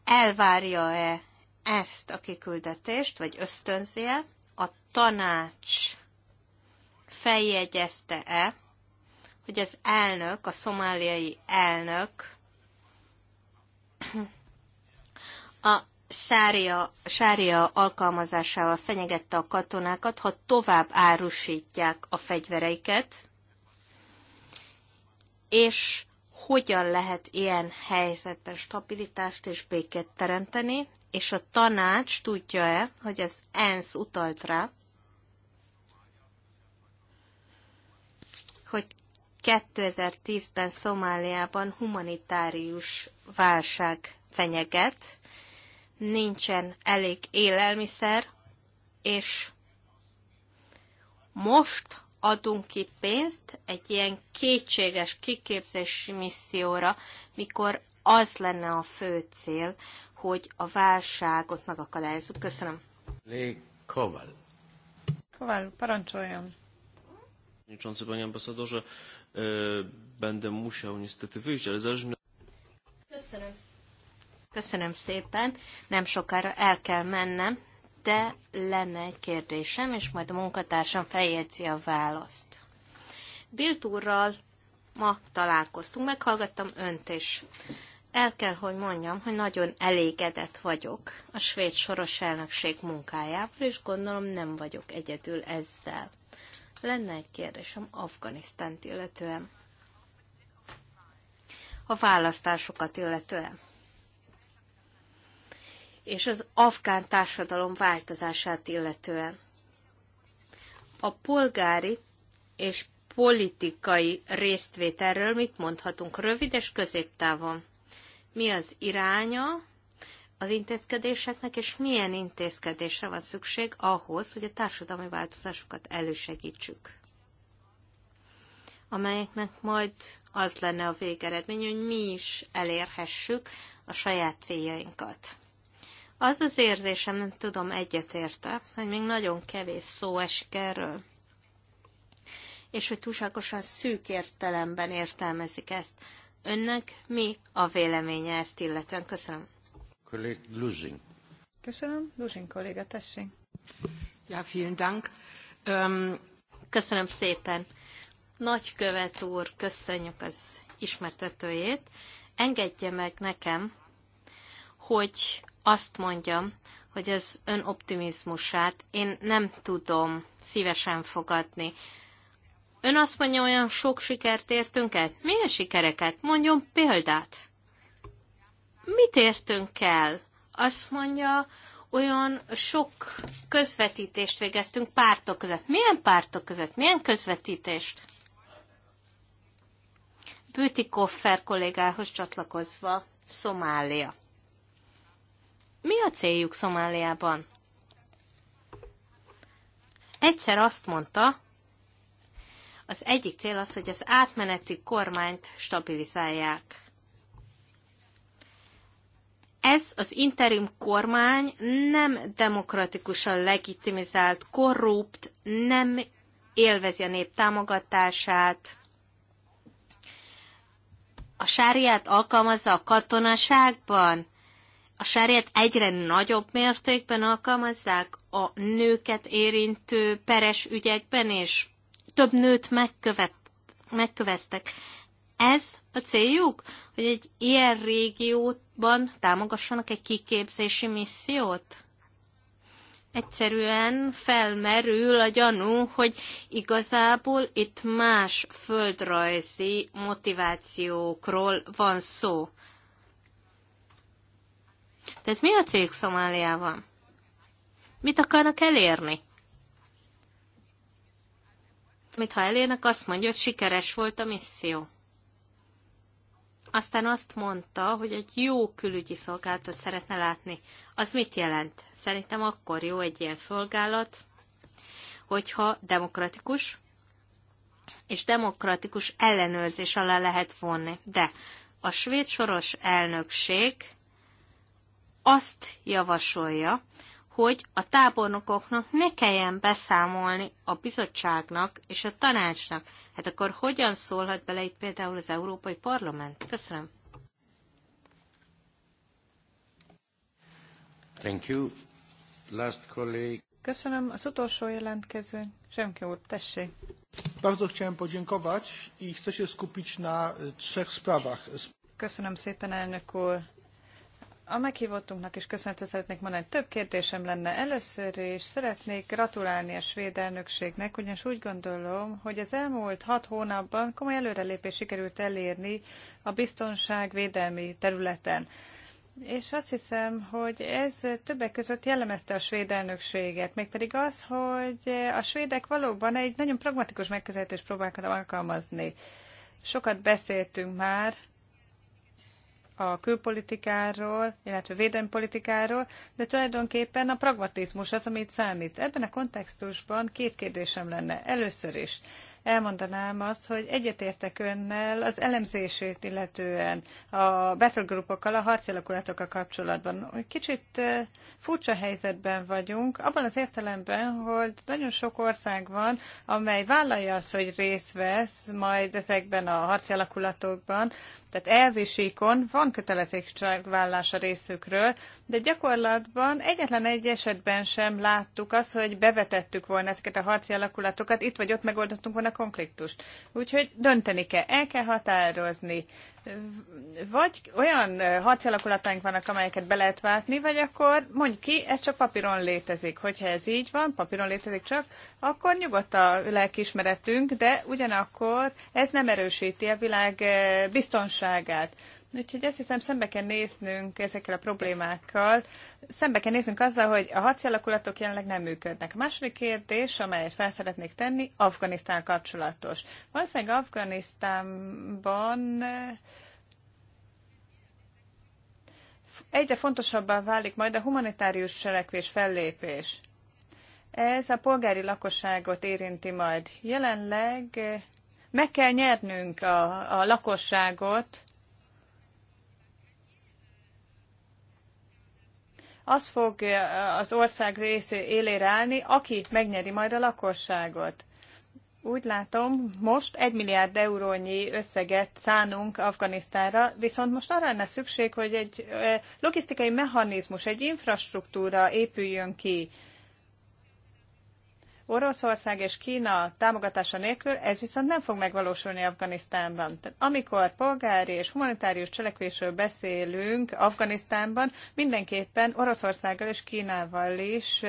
elvárja-e ezt a kiküldetést, vagy ösztönzi-e? A tanács feljegyezte-e, hogy az elnök, a szomáliai elnök a sária, sária alkalmazásával fenyegette a katonákat, ha tovább árusítják a fegyvereiket, és hogyan lehet ilyen helyzetben stabilitást és békét teremteni, és a tanács tudja-e, hogy az ENSZ utalt rá, hogy 2010-ben Szomáliában humanitárius válság fenyeget, nincsen elég élelmiszer, és most adunk ki pénzt egy ilyen kétséges kiképzési misszióra, mikor az lenne a fő cél, hogy a válságot megakadályozzuk. Köszönöm. Lé Koval. Koval, parancsoljon. Nincs panie ambasadorze, e, będę musiał niestety wyjść, ale zależy mi... Köszönöm Köszönöm szépen. Nem sokára el kell mennem, de lenne egy kérdésem, és majd a munkatársam feljegyzi a választ. Bilt úrral ma találkoztunk, meghallgattam önt is. El kell, hogy mondjam, hogy nagyon elégedett vagyok a svéd soros elnökség munkájával, és gondolom nem vagyok egyedül ezzel. Lenne egy kérdésem Afganisztánt illetően. A választásokat illetően és az afgán társadalom változását illetően. A polgári és politikai résztvételről mit mondhatunk rövid és középtávon? Mi az iránya az intézkedéseknek, és milyen intézkedésre van szükség ahhoz, hogy a társadalmi változásokat elősegítsük? amelyeknek majd az lenne a végeredmény, hogy mi is elérhessük a saját céljainkat. Az az érzésem, nem tudom, egyetérte, hogy még nagyon kevés szó esik erről, és hogy túlságosan szűk értelemben értelmezik ezt. Önnek mi a véleménye ezt illetően? Köszönöm. Kollég Luzsin. Köszönöm. Luzsin kolléga, tessék. Ja, vielen Dank. Um... Köszönöm szépen. Nagykövet úr, köszönjük az ismertetőjét. Engedje meg nekem, hogy azt mondjam, hogy az ön optimizmusát én nem tudom szívesen fogadni. Ön azt mondja, olyan sok sikert értünk el? Milyen sikereket? Mondjon példát. Mit értünk el? Azt mondja, olyan sok közvetítést végeztünk pártok között. Milyen pártok között? Milyen közvetítést? Koffer kollégához csatlakozva, Szomália. Mi a céljuk Szomáliában? Egyszer azt mondta, az egyik cél az, hogy az átmeneti kormányt stabilizálják. Ez az interim kormány nem demokratikusan legitimizált, korrupt, nem élvezi a nép támogatását. A sáriát alkalmazza a katonaságban, a serjet egyre nagyobb mértékben alkalmazzák a nőket érintő peres ügyekben, és több nőt megkövet, megköveztek. Ez a céljuk, hogy egy ilyen régióban támogassanak egy kiképzési missziót? Egyszerűen felmerül a gyanú, hogy igazából itt más földrajzi motivációkról van szó. Tehát mi a cég Szomáliában? Mit akarnak elérni? Amit ha elérnek, azt mondja, hogy sikeres volt a misszió. Aztán azt mondta, hogy egy jó külügyi szolgálatot szeretne látni. Az mit jelent? Szerintem akkor jó egy ilyen szolgálat, hogyha demokratikus, és demokratikus ellenőrzés alá lehet vonni. De a svéd soros elnökség azt javasolja, hogy a tábornokoknak ne kelljen beszámolni a bizottságnak és a tanácsnak. Hát akkor hogyan szólhat bele itt például az Európai Parlament? Köszönöm. Thank you. Last colleague. Köszönöm. Az utolsó jelentkező, Zsemke úr, tessék. Bardzo chciałem podziękować i chcę się skupić na e, trzech sprawach. Köszönöm szépen, elnök úr a meghívottunknak is köszönetet szeretnék mondani. Több kérdésem lenne. Először is szeretnék gratulálni a svéd elnökségnek, ugyanis úgy gondolom, hogy az elmúlt hat hónapban komoly előrelépés sikerült elérni a biztonságvédelmi területen. És azt hiszem, hogy ez többek között jellemezte a svéd elnökséget, mégpedig az, hogy a svédek valóban egy nagyon pragmatikus megközelítést próbálkoznak alkalmazni. Sokat beszéltünk már a külpolitikáról, illetve védelmi politikáról, de tulajdonképpen a pragmatizmus az, amit számít. Ebben a kontextusban két kérdésem lenne. Először is, elmondanám azt, hogy egyetértek önnel az elemzését illetően a battlegroupokkal, a harci alakulatokkal kapcsolatban. Kicsit eh, furcsa helyzetben vagyunk, abban az értelemben, hogy nagyon sok ország van, amely vállalja azt, hogy részt vesz majd ezekben a harci alakulatokban, tehát elvisíkon van kötelezettségvállása részükről, de gyakorlatban egyetlen egy esetben sem láttuk azt, hogy bevetettük volna ezeket a harci alakulatokat, itt vagy ott megoldottunk volna konfliktust. Úgyhogy dönteni kell, el kell határozni, vagy olyan harcalakulataink vannak, amelyeket be lehet váltni, vagy akkor mondj ki, ez csak papíron létezik. Hogyha ez így van, papíron létezik csak, akkor nyugodt a lelkismeretünk, de ugyanakkor ez nem erősíti a világ eh, biztonságát. Úgyhogy azt hiszem szembe kell néznünk ezekkel a problémákkal, szembe kell néznünk azzal, hogy a harci alakulatok jelenleg nem működnek. A második kérdés, amelyet fel szeretnék tenni, Afganisztán kapcsolatos. Valószínűleg Afganisztánban eh, egyre fontosabbá válik majd a humanitárius cselekvés fellépés. Ez a polgári lakosságot érinti majd. Jelenleg eh, meg kell nyernünk a, a lakosságot, az fog eh, az ország részé élére állni, aki megnyeri majd a lakosságot. Úgy látom, most 1 milliárd eurónyi összeget szánunk Afganisztánra, viszont most arra lenne szükség, hogy egy eh, logisztikai mechanizmus, egy infrastruktúra épüljön ki, Oroszország és Kína támogatása nélkül ez viszont nem fog megvalósulni Afganisztánban. Tehát amikor polgári és humanitárius cselekvésről beszélünk Afganisztánban, mindenképpen Oroszországgal és Kínával is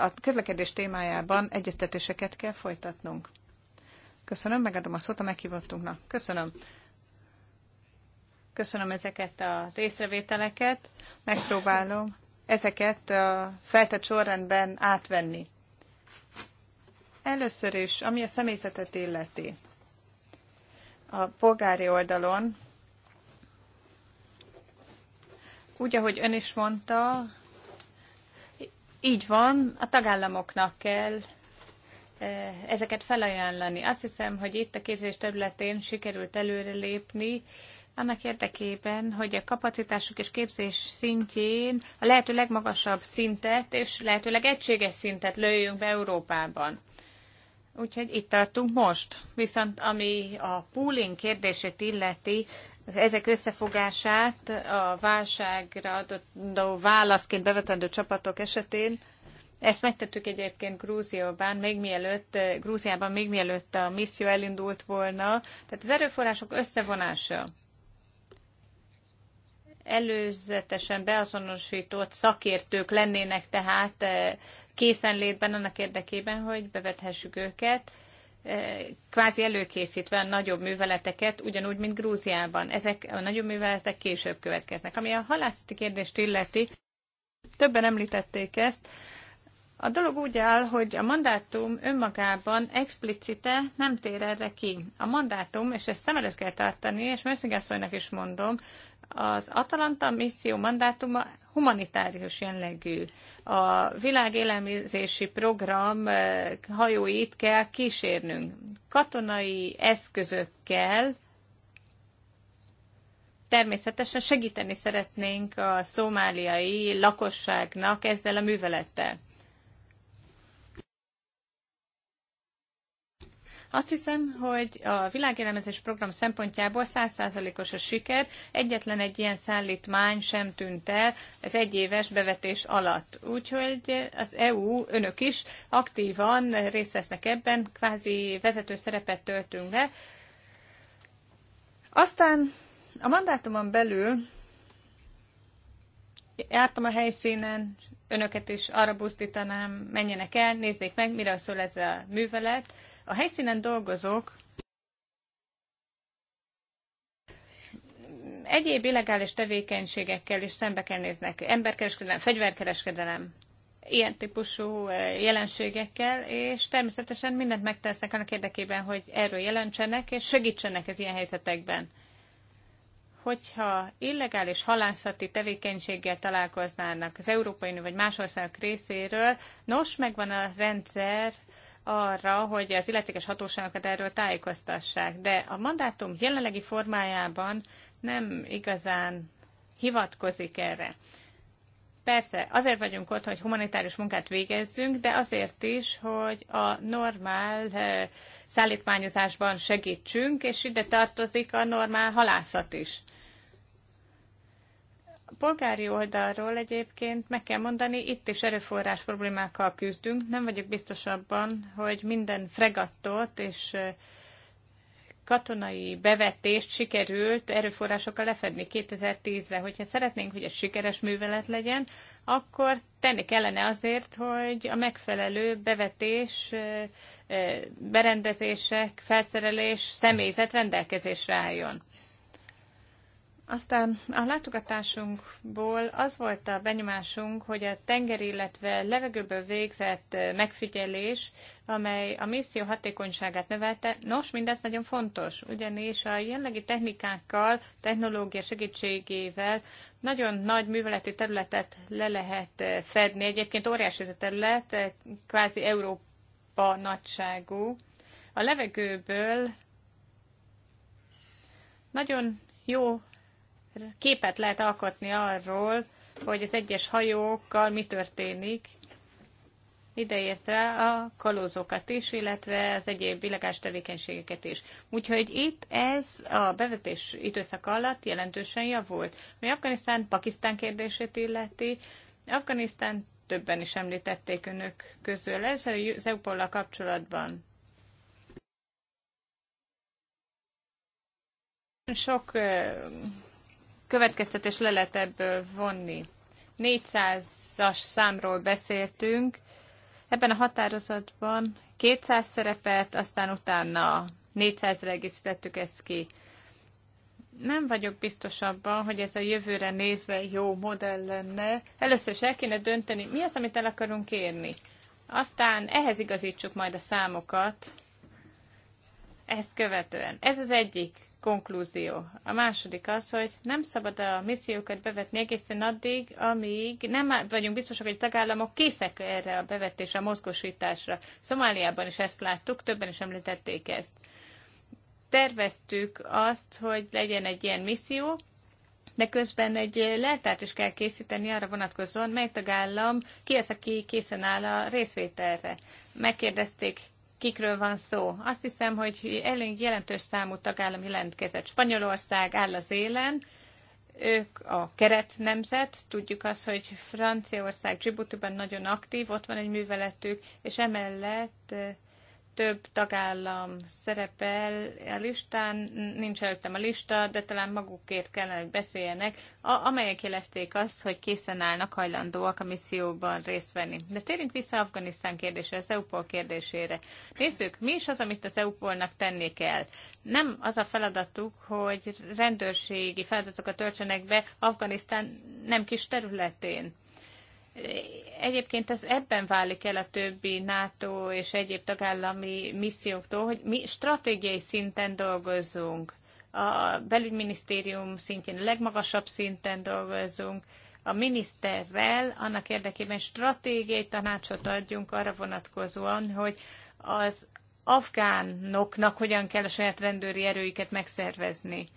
a közlekedés témájában egyeztetéseket kell folytatnunk. Köszönöm, megadom a szót a meghívottunknak. Köszönöm. Köszönöm ezeket az észrevételeket, megpróbálom ezeket a feltett sorrendben átvenni. Először is, ami a személyzetet illeti. A polgári oldalon, úgy, ahogy ön is mondta, így van, a tagállamoknak kell e, ezeket felajánlani. Azt hiszem, hogy itt a képzés területén sikerült előrelépni, annak érdekében, hogy a kapacitásuk és képzés szintjén a lehető legmagasabb szintet és lehetőleg egységes szintet lőjünk be Európában. Úgyhogy itt tartunk most. Viszont ami a pooling kérdését illeti, ezek összefogását a válságra adott válaszként bevetendő csapatok esetén, ezt megtettük egyébként Grúzióban, még mielőtt, Grúziában még mielőtt a misszió elindult volna. Tehát az erőforrások összevonása előzetesen beazonosított szakértők lennének tehát eh, készenlétben annak érdekében, hogy bevethessük őket, eh, kvázi előkészítve a nagyobb műveleteket, ugyanúgy, mint Grúziában. Ezek a nagyobb műveletek később következnek. Ami a halászati kérdést illeti, többen említették ezt, a dolog úgy áll, hogy a mandátum önmagában explicite nem tér erre ki. A mandátum, és ezt szem előtt kell tartani, és Mösszigászonynak is mondom, az Atalanta misszió mandátuma humanitárius jellegű. A világélelmezési program eh, hajóit kell kísérnünk. Katonai eszközökkel természetesen segíteni szeretnénk a szomáliai lakosságnak ezzel a művelettel. Azt hiszem, hogy a világélemezés program szempontjából százszázalékos a siker, egyetlen egy ilyen szállítmány sem tűnt el ez egyéves bevetés alatt. Úgyhogy az EU, önök is aktívan részt vesznek ebben, kvázi vezető szerepet töltünk be. Aztán a mandátumon belül jártam a helyszínen, önöket is arra buzdítanám, menjenek el, nézzék meg, miről szól ez a művelet. A helyszínen dolgozók egyéb illegális tevékenységekkel is szembe kell néznek. Emberkereskedelem, fegyverkereskedelem, ilyen típusú eh, jelenségekkel, és természetesen mindent megtesznek annak érdekében, hogy erről jelentsenek, és segítsenek az ilyen helyzetekben. Hogyha illegális halászati tevékenységgel találkoznának az Európai Unió vagy más országok részéről, nos, megvan a rendszer arra, hogy az illetékes hatóságokat erről tájékoztassák. De a mandátum jelenlegi formájában nem igazán hivatkozik erre. Persze, azért vagyunk ott, hogy humanitárius munkát végezzünk, de azért is, hogy a normál eh, szállítmányozásban segítsünk, és ide tartozik a normál halászat is polgári oldalról egyébként meg kell mondani, itt is erőforrás problémákkal küzdünk. Nem vagyok biztos abban, hogy minden fregattot és katonai bevetést sikerült erőforrásokkal lefedni 2010-re. Hogyha szeretnénk, hogy egy sikeres művelet legyen, akkor tenni kellene azért, hogy a megfelelő bevetés, berendezések, felszerelés, személyzet rendelkezésre álljon. Aztán a látogatásunkból az volt a benyomásunk, hogy a tengeri, illetve levegőből végzett megfigyelés, amely a misszió hatékonyságát növelte, nos, mindez nagyon fontos, ugyanis a jelenlegi technikákkal, technológia segítségével nagyon nagy műveleti területet le lehet fedni. Egyébként óriási ez a terület, kvázi Európa nagyságú. A levegőből nagyon jó képet lehet alkotni arról, hogy az egyes hajókkal mi történik, ideértve a kalózokat is, illetve az egyéb illegális tevékenységeket is. Úgyhogy itt ez a bevetés időszak alatt jelentősen javult. Mi Afganisztán, Pakisztán kérdését illeti, Afganisztán többen is említették önök közül. Ez az eu kapcsolatban. Sok következtetés le lehet ebből vonni. 400-as számról beszéltünk, ebben a határozatban 200 szerepet, aztán utána 400-re egészítettük ezt ki. Nem vagyok biztos abban, hogy ez a jövőre nézve jó modell lenne. Először is el kéne dönteni, mi az, amit el akarunk érni. Aztán ehhez igazítsuk majd a számokat, ezt követően. Ez az egyik konklúzió. A második az, hogy nem szabad a missziókat bevetni egészen addig, amíg nem vagyunk biztosak, hogy a tagállamok készek erre a bevetésre, a mozgósításra. Szomáliában is ezt láttuk, többen is említették ezt. Terveztük azt, hogy legyen egy ilyen misszió, de közben egy leltárt is kell készíteni arra vonatkozóan, mely tagállam ki az, aki készen áll a részvételre. Megkérdezték kikről van szó. Azt hiszem, hogy elég jelentős számú tagállam jelentkezett. Spanyolország áll az élen, ők a keret nemzet, tudjuk azt, hogy Franciaország djibouti nagyon aktív, ott van egy műveletük, és emellett több tagállam szerepel a listán, nincs előttem a lista, de talán magukért kellene, hogy beszéljenek, a, amelyek jelezték azt, hogy készen állnak, hajlandóak a misszióban részt venni. De térjünk vissza Afganisztán kérdésre, az EUPOL kérdésére. Nézzük, mi is az, amit az EUPOL-nak tenni kell. Nem az a feladatuk, hogy rendőrségi feladatokat töltsenek be Afganisztán nem kis területén Egyébként ez ebben válik el a többi NATO és egyéb tagállami misszióktól, hogy mi stratégiai szinten dolgozunk. A belügyminisztérium szintjén, a legmagasabb szinten dolgozunk, a miniszterrel annak érdekében stratégiai tanácsot adjunk arra vonatkozóan, hogy az afgánoknak hogyan kell a saját rendőri erőiket megszervezni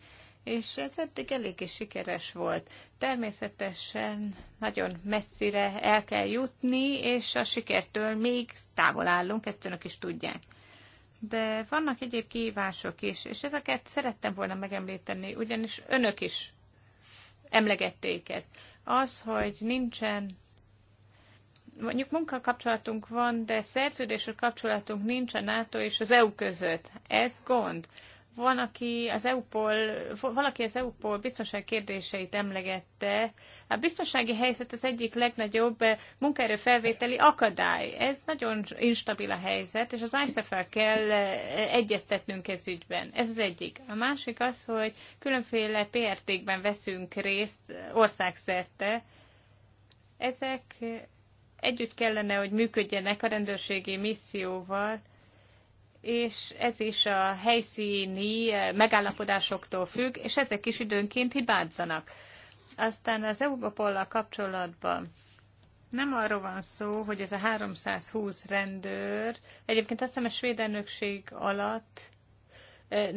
és ez eddig eléggé sikeres volt. Természetesen nagyon messzire el kell jutni, és a sikertől még távol állunk, ezt önök is tudják. De vannak egyéb kihívások is, és ezeket szerettem volna megemlíteni, ugyanis önök is emlegették ezt. Az, hogy nincsen mondjuk munkakapcsolatunk van, de szerződéses kapcsolatunk nincs a NATO és az EU között. Ez gond. Van, aki az EU-pol, valaki az EU-pol biztonság kérdéseit emlegette. A biztonsági helyzet az egyik legnagyobb munkaerő felvételi akadály. Ez nagyon instabil a helyzet, és az isf e kell eh, egyeztetnünk ez ügyben. Ez az egyik. A másik az, hogy különféle PRT-kben veszünk részt eh, országszerte. Ezek eh, együtt kellene, hogy működjenek a rendőrségi misszióval, és ez is a helyszíni eh, megállapodásoktól függ, és ezek is időnként hibázzanak. Aztán az a kapcsolatban nem arról van szó, hogy ez a 320 rendőr, egyébként azt hiszem a svéd elnökség alatt eh,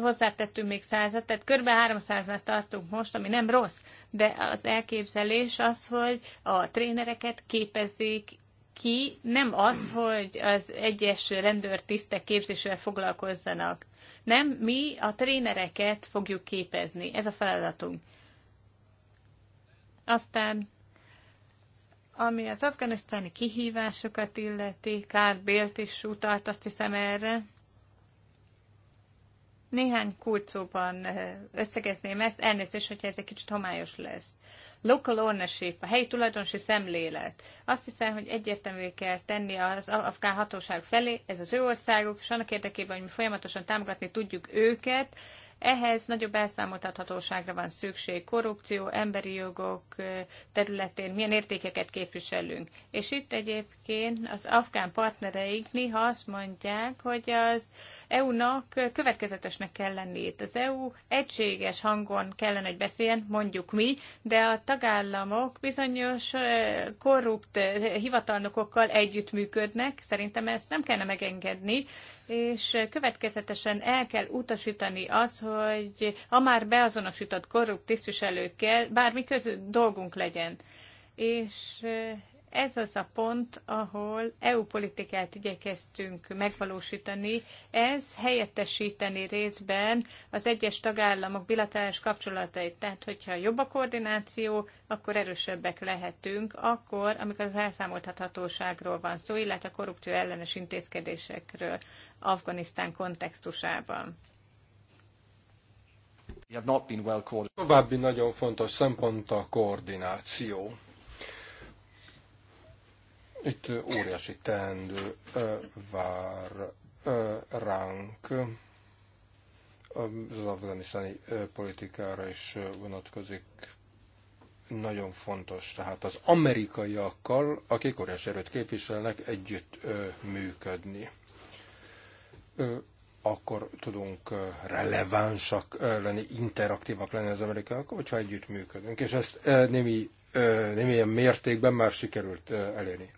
hozzátettünk még százat, tehát kb. 300-nál tartunk most, ami nem rossz, de az elképzelés az, hogy a trénereket képezik ki, nem az, hogy az egyes rendőrtisztek képzésével foglalkozzanak. Nem, mi a trénereket fogjuk képezni. Ez a feladatunk. Aztán, ami az afganisztáni kihívásokat illeti, Kár Bélt is utalt azt hiszem erre, néhány kulcóban eh, összegezném ezt, elnézést, hogyha ez egy kicsit homályos lesz. Local ownership, a helyi tulajdonosi szemlélet. Azt hiszem, hogy egyértelművé kell tenni az afgán hatóság felé, ez az ő országuk, és annak érdekében, hogy mi folyamatosan támogatni tudjuk őket, ehhez nagyobb elszámoltathatóságra van szükség, korrupció, emberi jogok területén, milyen értékeket képviselünk. És itt egyébként az afgán partnereink néha azt mondják, hogy az EU-nak következetesnek kell lenni itt. Az EU egységes hangon kellene, hogy beszéljen, mondjuk mi, de a tagállamok bizonyos korrupt hivatalnokokkal együttműködnek. Szerintem ezt nem kellene megengedni, és következetesen el kell utasítani az, hogy a már beazonosított korrupt tisztviselőkkel bármi közül dolgunk legyen. És ez az a pont, ahol EU politikát igyekeztünk megvalósítani. Ez helyettesíteni részben az egyes tagállamok bilaterális kapcsolatait. Tehát, hogyha jobb a koordináció, akkor erősebbek lehetünk, akkor, amikor az elszámoltathatóságról van szó, illetve a korrupció ellenes intézkedésekről Afganisztán kontextusában. További nagyon fontos szempont a koordináció itt óriási teendő vár ránk az afganisztáni politikára is vonatkozik. Nagyon fontos, tehát az amerikaiakkal, akik óriás erőt képviselnek, együtt működni. Akkor tudunk relevánsak lenni, interaktívak lenni az amerikaiakkal, hogyha együtt működünk. És ezt némi nem ilyen mértékben már sikerült elérni.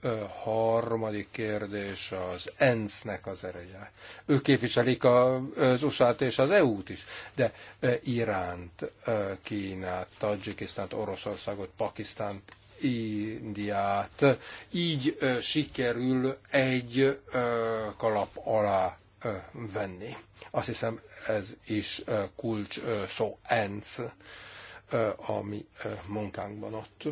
A harmadik kérdés az ENSZ-nek az ereje. Ők képviselik az usa és az EU-t is, de Iránt, Kínát, Tadzsikisztánt, Oroszországot, Pakisztánt, Indiát. Így sikerül egy kalap alá venni. Azt hiszem ez is kulcs szó ENSZ a mi eh, munkánkban ott.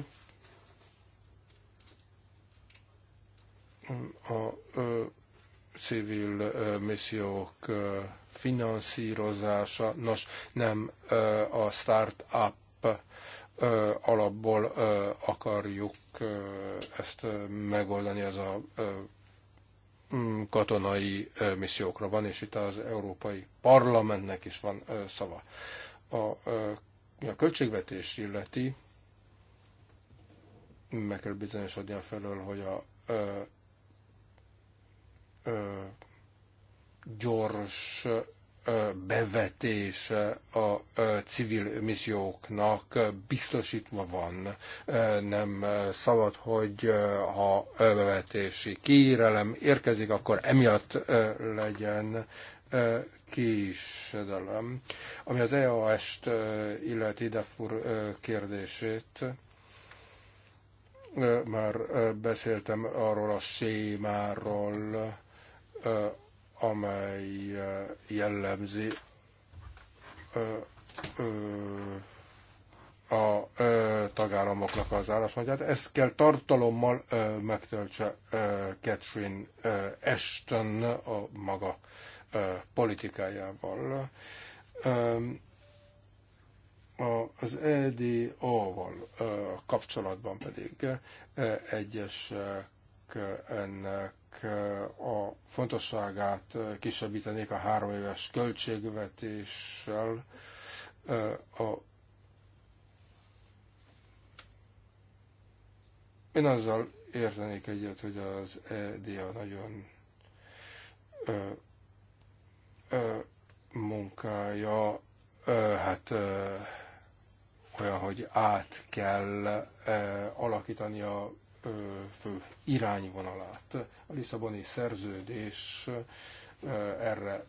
A civil missziók finanszírozása, nos, nem a start-up alapból akarjuk ezt megoldani, ez a katonai missziókra van, és itt az Európai Parlamentnek is van szava. A a költségvetés illeti, meg kell bizonyosodni a felől, hogy a ö, ö, gyors ö, bevetése a ö, civil misszióknak biztosítva van. Ö, nem szabad, hogy ö, ha bevetési kiírelem érkezik, akkor emiatt ö, legyen ö, késedelem, ami az EAS-t illeti Defur kérdését. Már beszéltem arról a sémáról, amely jellemzi a tagállamoknak az álláspontját. Ezt kell tartalommal megtöltse Catherine Ashton a maga politikájával, az EDA-val kapcsolatban pedig egyesek ennek a fontosságát kisebbítenék a három éves költségvetéssel a Én azzal értenék egyet, hogy az EDA nagyon munkája hát olyan, hogy át kell alakítani a fő irányvonalát. A Lisszaboni szerződés erre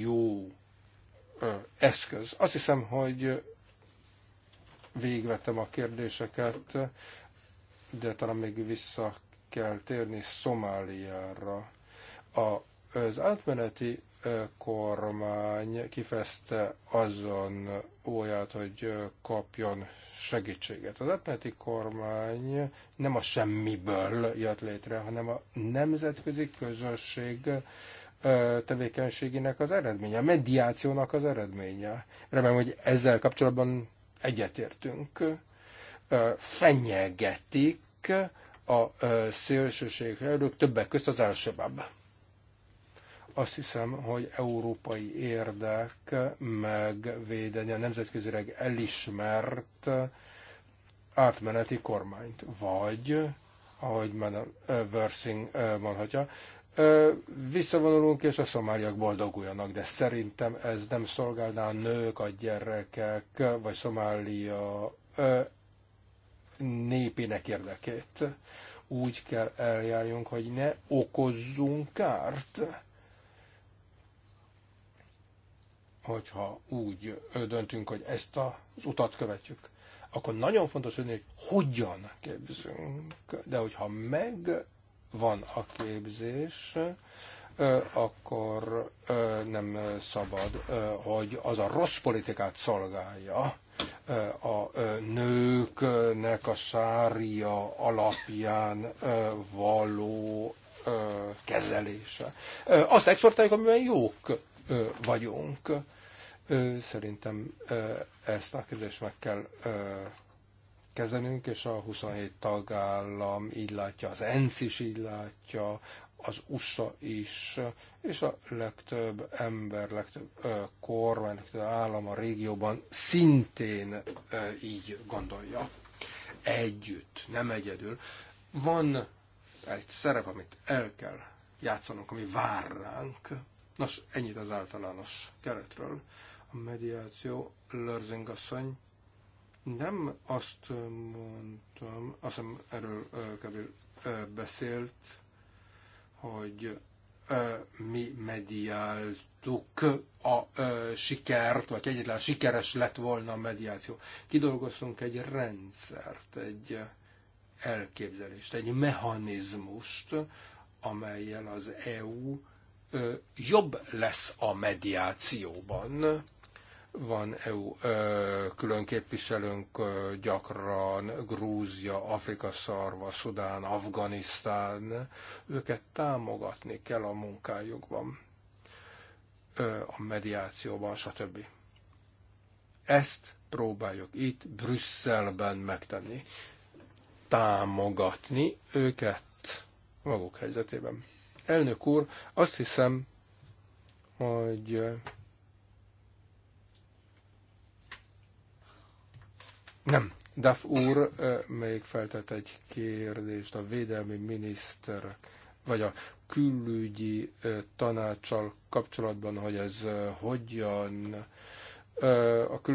jó eszköz. Azt hiszem, hogy végvettem a kérdéseket, de talán még vissza kell térni Szomáliára. A, az átmeneti kormány kifejezte azon óját, hogy kapjon segítséget. Az átmeneti kormány nem a semmiből jött létre, hanem a nemzetközi közösség tevékenységének az eredménye, a mediációnak az eredménye. Remélem, hogy ezzel kapcsolatban egyetértünk. Fenyegetik a szélsőségek többek között az elsőbb. Azt hiszem, hogy európai érdek megvédeni a nemzetközileg elismert átmeneti kormányt, vagy, ahogy Madame Versing mondhatja, visszavonulunk, és a szomáliak boldoguljanak, de szerintem ez nem szolgálná a nők, a gyerekek, vagy Szomália népének érdekét. Úgy kell eljárjunk, hogy ne okozzunk kárt hogyha úgy döntünk, hogy ezt az utat követjük, akkor nagyon fontos tudni, hogy hogyan képzünk. De hogyha meg van a képzés, akkor nem szabad, hogy az a rossz politikát szolgálja a nőknek a sária alapján való kezelése. Azt exportáljuk, amiben jók vagyunk. Szerintem ezt a kérdést meg kell kezelnünk, és a 27 tagállam így látja, az ENSZ is így látja, az USA is, és a legtöbb ember, legtöbb kormány, legtöbb állam a régióban szintén így gondolja. Együtt, nem egyedül. Van egy szerep, amit el kell játszanunk, ami vár ránk, Nos, ennyit az általános keretről. A mediáció, Lörzing asszony, nem azt mondtam, azt hiszem erről Kevin beszélt, hogy mi mediáltuk a sikert, vagy egyetlen sikeres lett volna a mediáció. Kidolgoztunk egy rendszert, egy elképzelést, egy mechanizmust, amelyel az EU jobb lesz a mediációban. Van EU külön képviselőnk gyakran, Grúzia, Afrika szarva, Szudán, Afganisztán. Őket támogatni kell a munkájukban, a mediációban, stb. Ezt próbáljuk itt Brüsszelben megtenni. Támogatni őket maguk helyzetében. Elnök úr, azt hiszem, hogy nem. Daf úr még feltett egy kérdést a védelmi miniszter vagy a külügyi tanácsal kapcsolatban, hogy ez hogyan a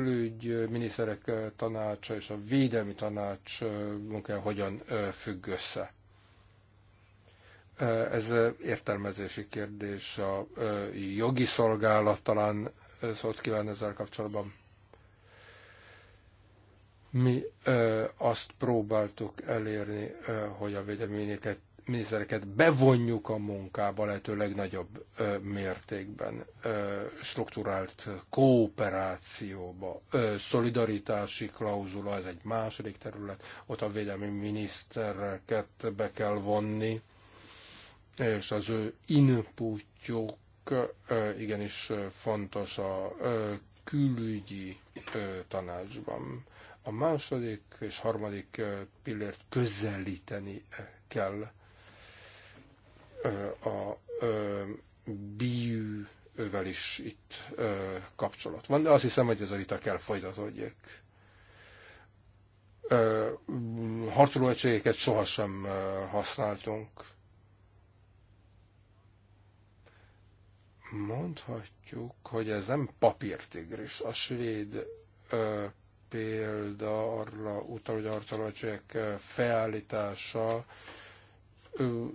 miniszterek tanácsa és a védelmi tanács munkája hogyan függ össze. Ez értelmezési kérdés, a jogi szolgálat talán szót kíván ezzel kapcsolatban. Mi azt próbáltuk elérni, hogy a védelményeket minisztereket bevonjuk a munkába lehető legnagyobb ö, mértékben, ö, strukturált kooperációba, ö, szolidaritási klauzula, ez egy második terület, ott a védelmi minisztereket be kell vonni, és az ő inputjuk igenis fontos a külügyi tanácsban. A második és harmadik pillért közelíteni kell a biűvel is itt kapcsolat van, de azt hiszem, hogy ez a vita kell folytatódjék. Harcolóegységeket sohasem használtunk Mondhatjuk, hogy ez nem papírtigris. A svéd ö, példa arra utal, hogy arcalacsiek felállítása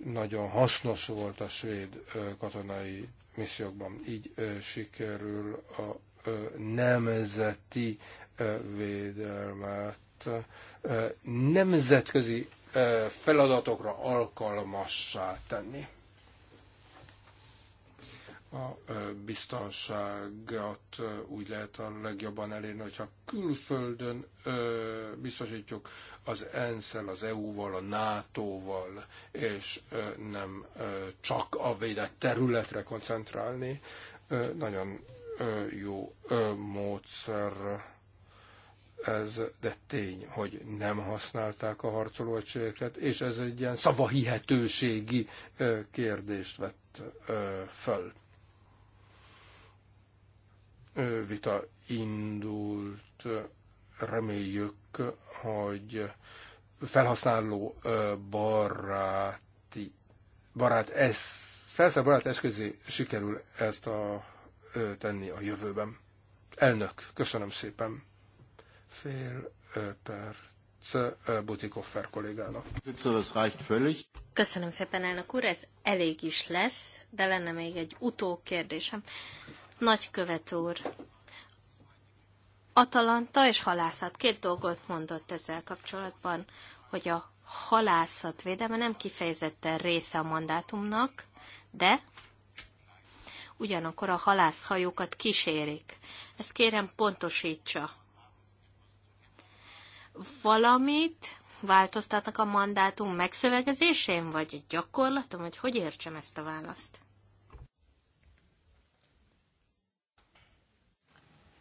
nagyon hasznos volt a svéd katonai missziókban. Így sikerül a nemzeti védelmet nemzetközi feladatokra alkalmassá tenni. A biztonságot úgy lehet a legjobban elérni, hogyha külföldön biztosítjuk az ensz az EU-val, a NATO-val, és nem csak a védett területre koncentrálni. Nagyon jó módszer ez, de tény, hogy nem használták a harcolóegységeket, és ez egy ilyen szavahihetőségi kérdést vett föl vita indult, reméljük, hogy felhasználó baráti, barát esz, felszáll barát eszközé sikerül ezt a, tenni a jövőben. Elnök, köszönöm szépen. Fél perc Butikoffer kollégának. Köszönöm szépen, elnök úr, ez elég is lesz, de lenne még egy utókérdésem. Nagykövet úr, Atalanta és halászat. Két dolgot mondott ezzel kapcsolatban, hogy a halászat védelme nem kifejezetten része a mandátumnak, de ugyanakkor a halászhajókat kísérik. Ezt kérem pontosítsa. Valamit változtatnak a mandátum megszövegezésén, vagy gyakorlaton, vagy hogy értsem ezt a választ?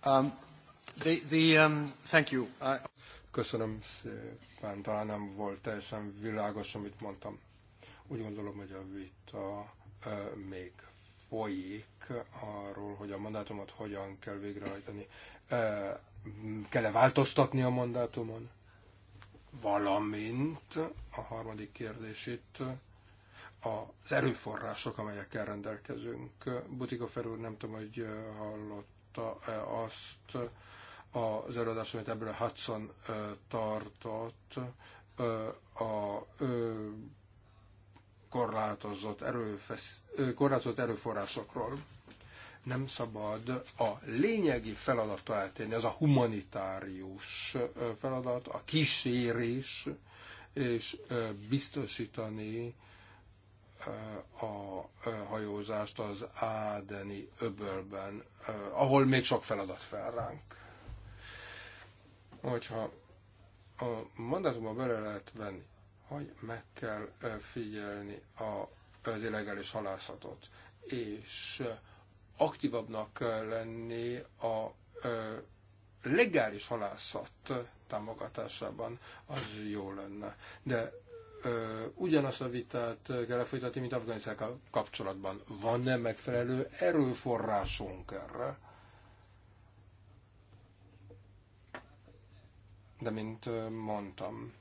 Um, the, the, um, thank you. I... Köszönöm szépen, talán nem volt teljesen világos, amit mondtam. Úgy gondolom, hogy a vita uh, még folyik arról, hogy a mandátumot hogyan kell végrehajtani. Uh, kell-e változtatni a mandátumon? Valamint a harmadik kérdés itt az erőforrások, amelyekkel rendelkezünk. Butikofer úr, nem tudom, hogy hallott hallotta-e azt az előadást, amit ebből Hudson tartott, a korlátozott, erőfesz, korlátozott erőforrásokról. Nem szabad a lényegi feladata eltérni, az a humanitárius feladat, a kísérés, és biztosítani a hajózást az Ádeni öbölben, ahol még sok feladat fel ránk. Hogyha a mandátumban bele lehet venni, hogy meg kell figyelni a, az illegális halászatot, és aktívabbnak kell lenni a legális halászat támogatásában, az jó lenne. De ugyanazt a vitát kell folytatni, mint Afganisztán kapcsolatban. Van-e megfelelő erőforrásunk erre? De mint mondtam,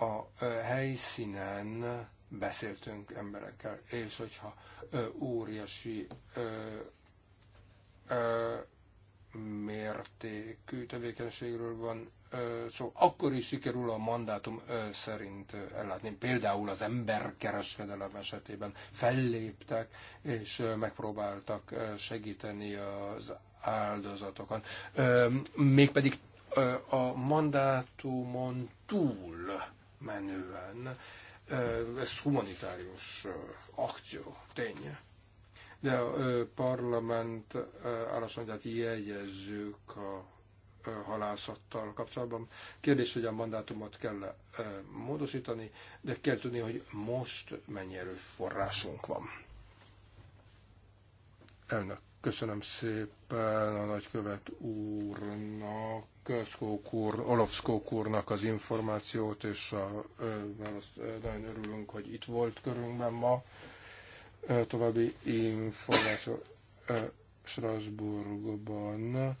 a helyszínen beszéltünk emberekkel, és hogyha óriási mértékű tevékenységről van szó, akkor is sikerül a mandátum szerint ellátni. Például az emberkereskedelem esetében felléptek, és megpróbáltak segíteni az áldozatokon. Mégpedig a mandátumon túl menően. Ez humanitárius akció, tény. De a parlament álláspontját jegyezzük a halászattal kapcsolatban. Kérdés, hogy a mandátumot kell -e módosítani, de kell tudni, hogy most mennyi erőforrásunk van. Elnök, köszönöm szépen a nagykövet úrnak, Skók úr, Olofszkók úrnak az információt, és a, választ, eh, eh, nagyon örülünk, hogy itt volt körünkben ma. További információ Strasbourgban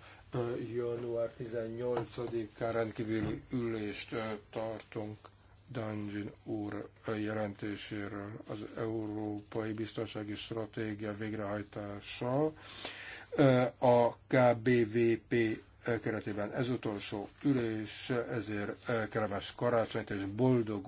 január 18-án rendkívüli ülést tartunk Dungeon úr jelentéséről az Európai Biztonsági Stratégia végrehajtása a KBVP keretében. Ez utolsó ülés, ezért kellemes karácsonyt és boldog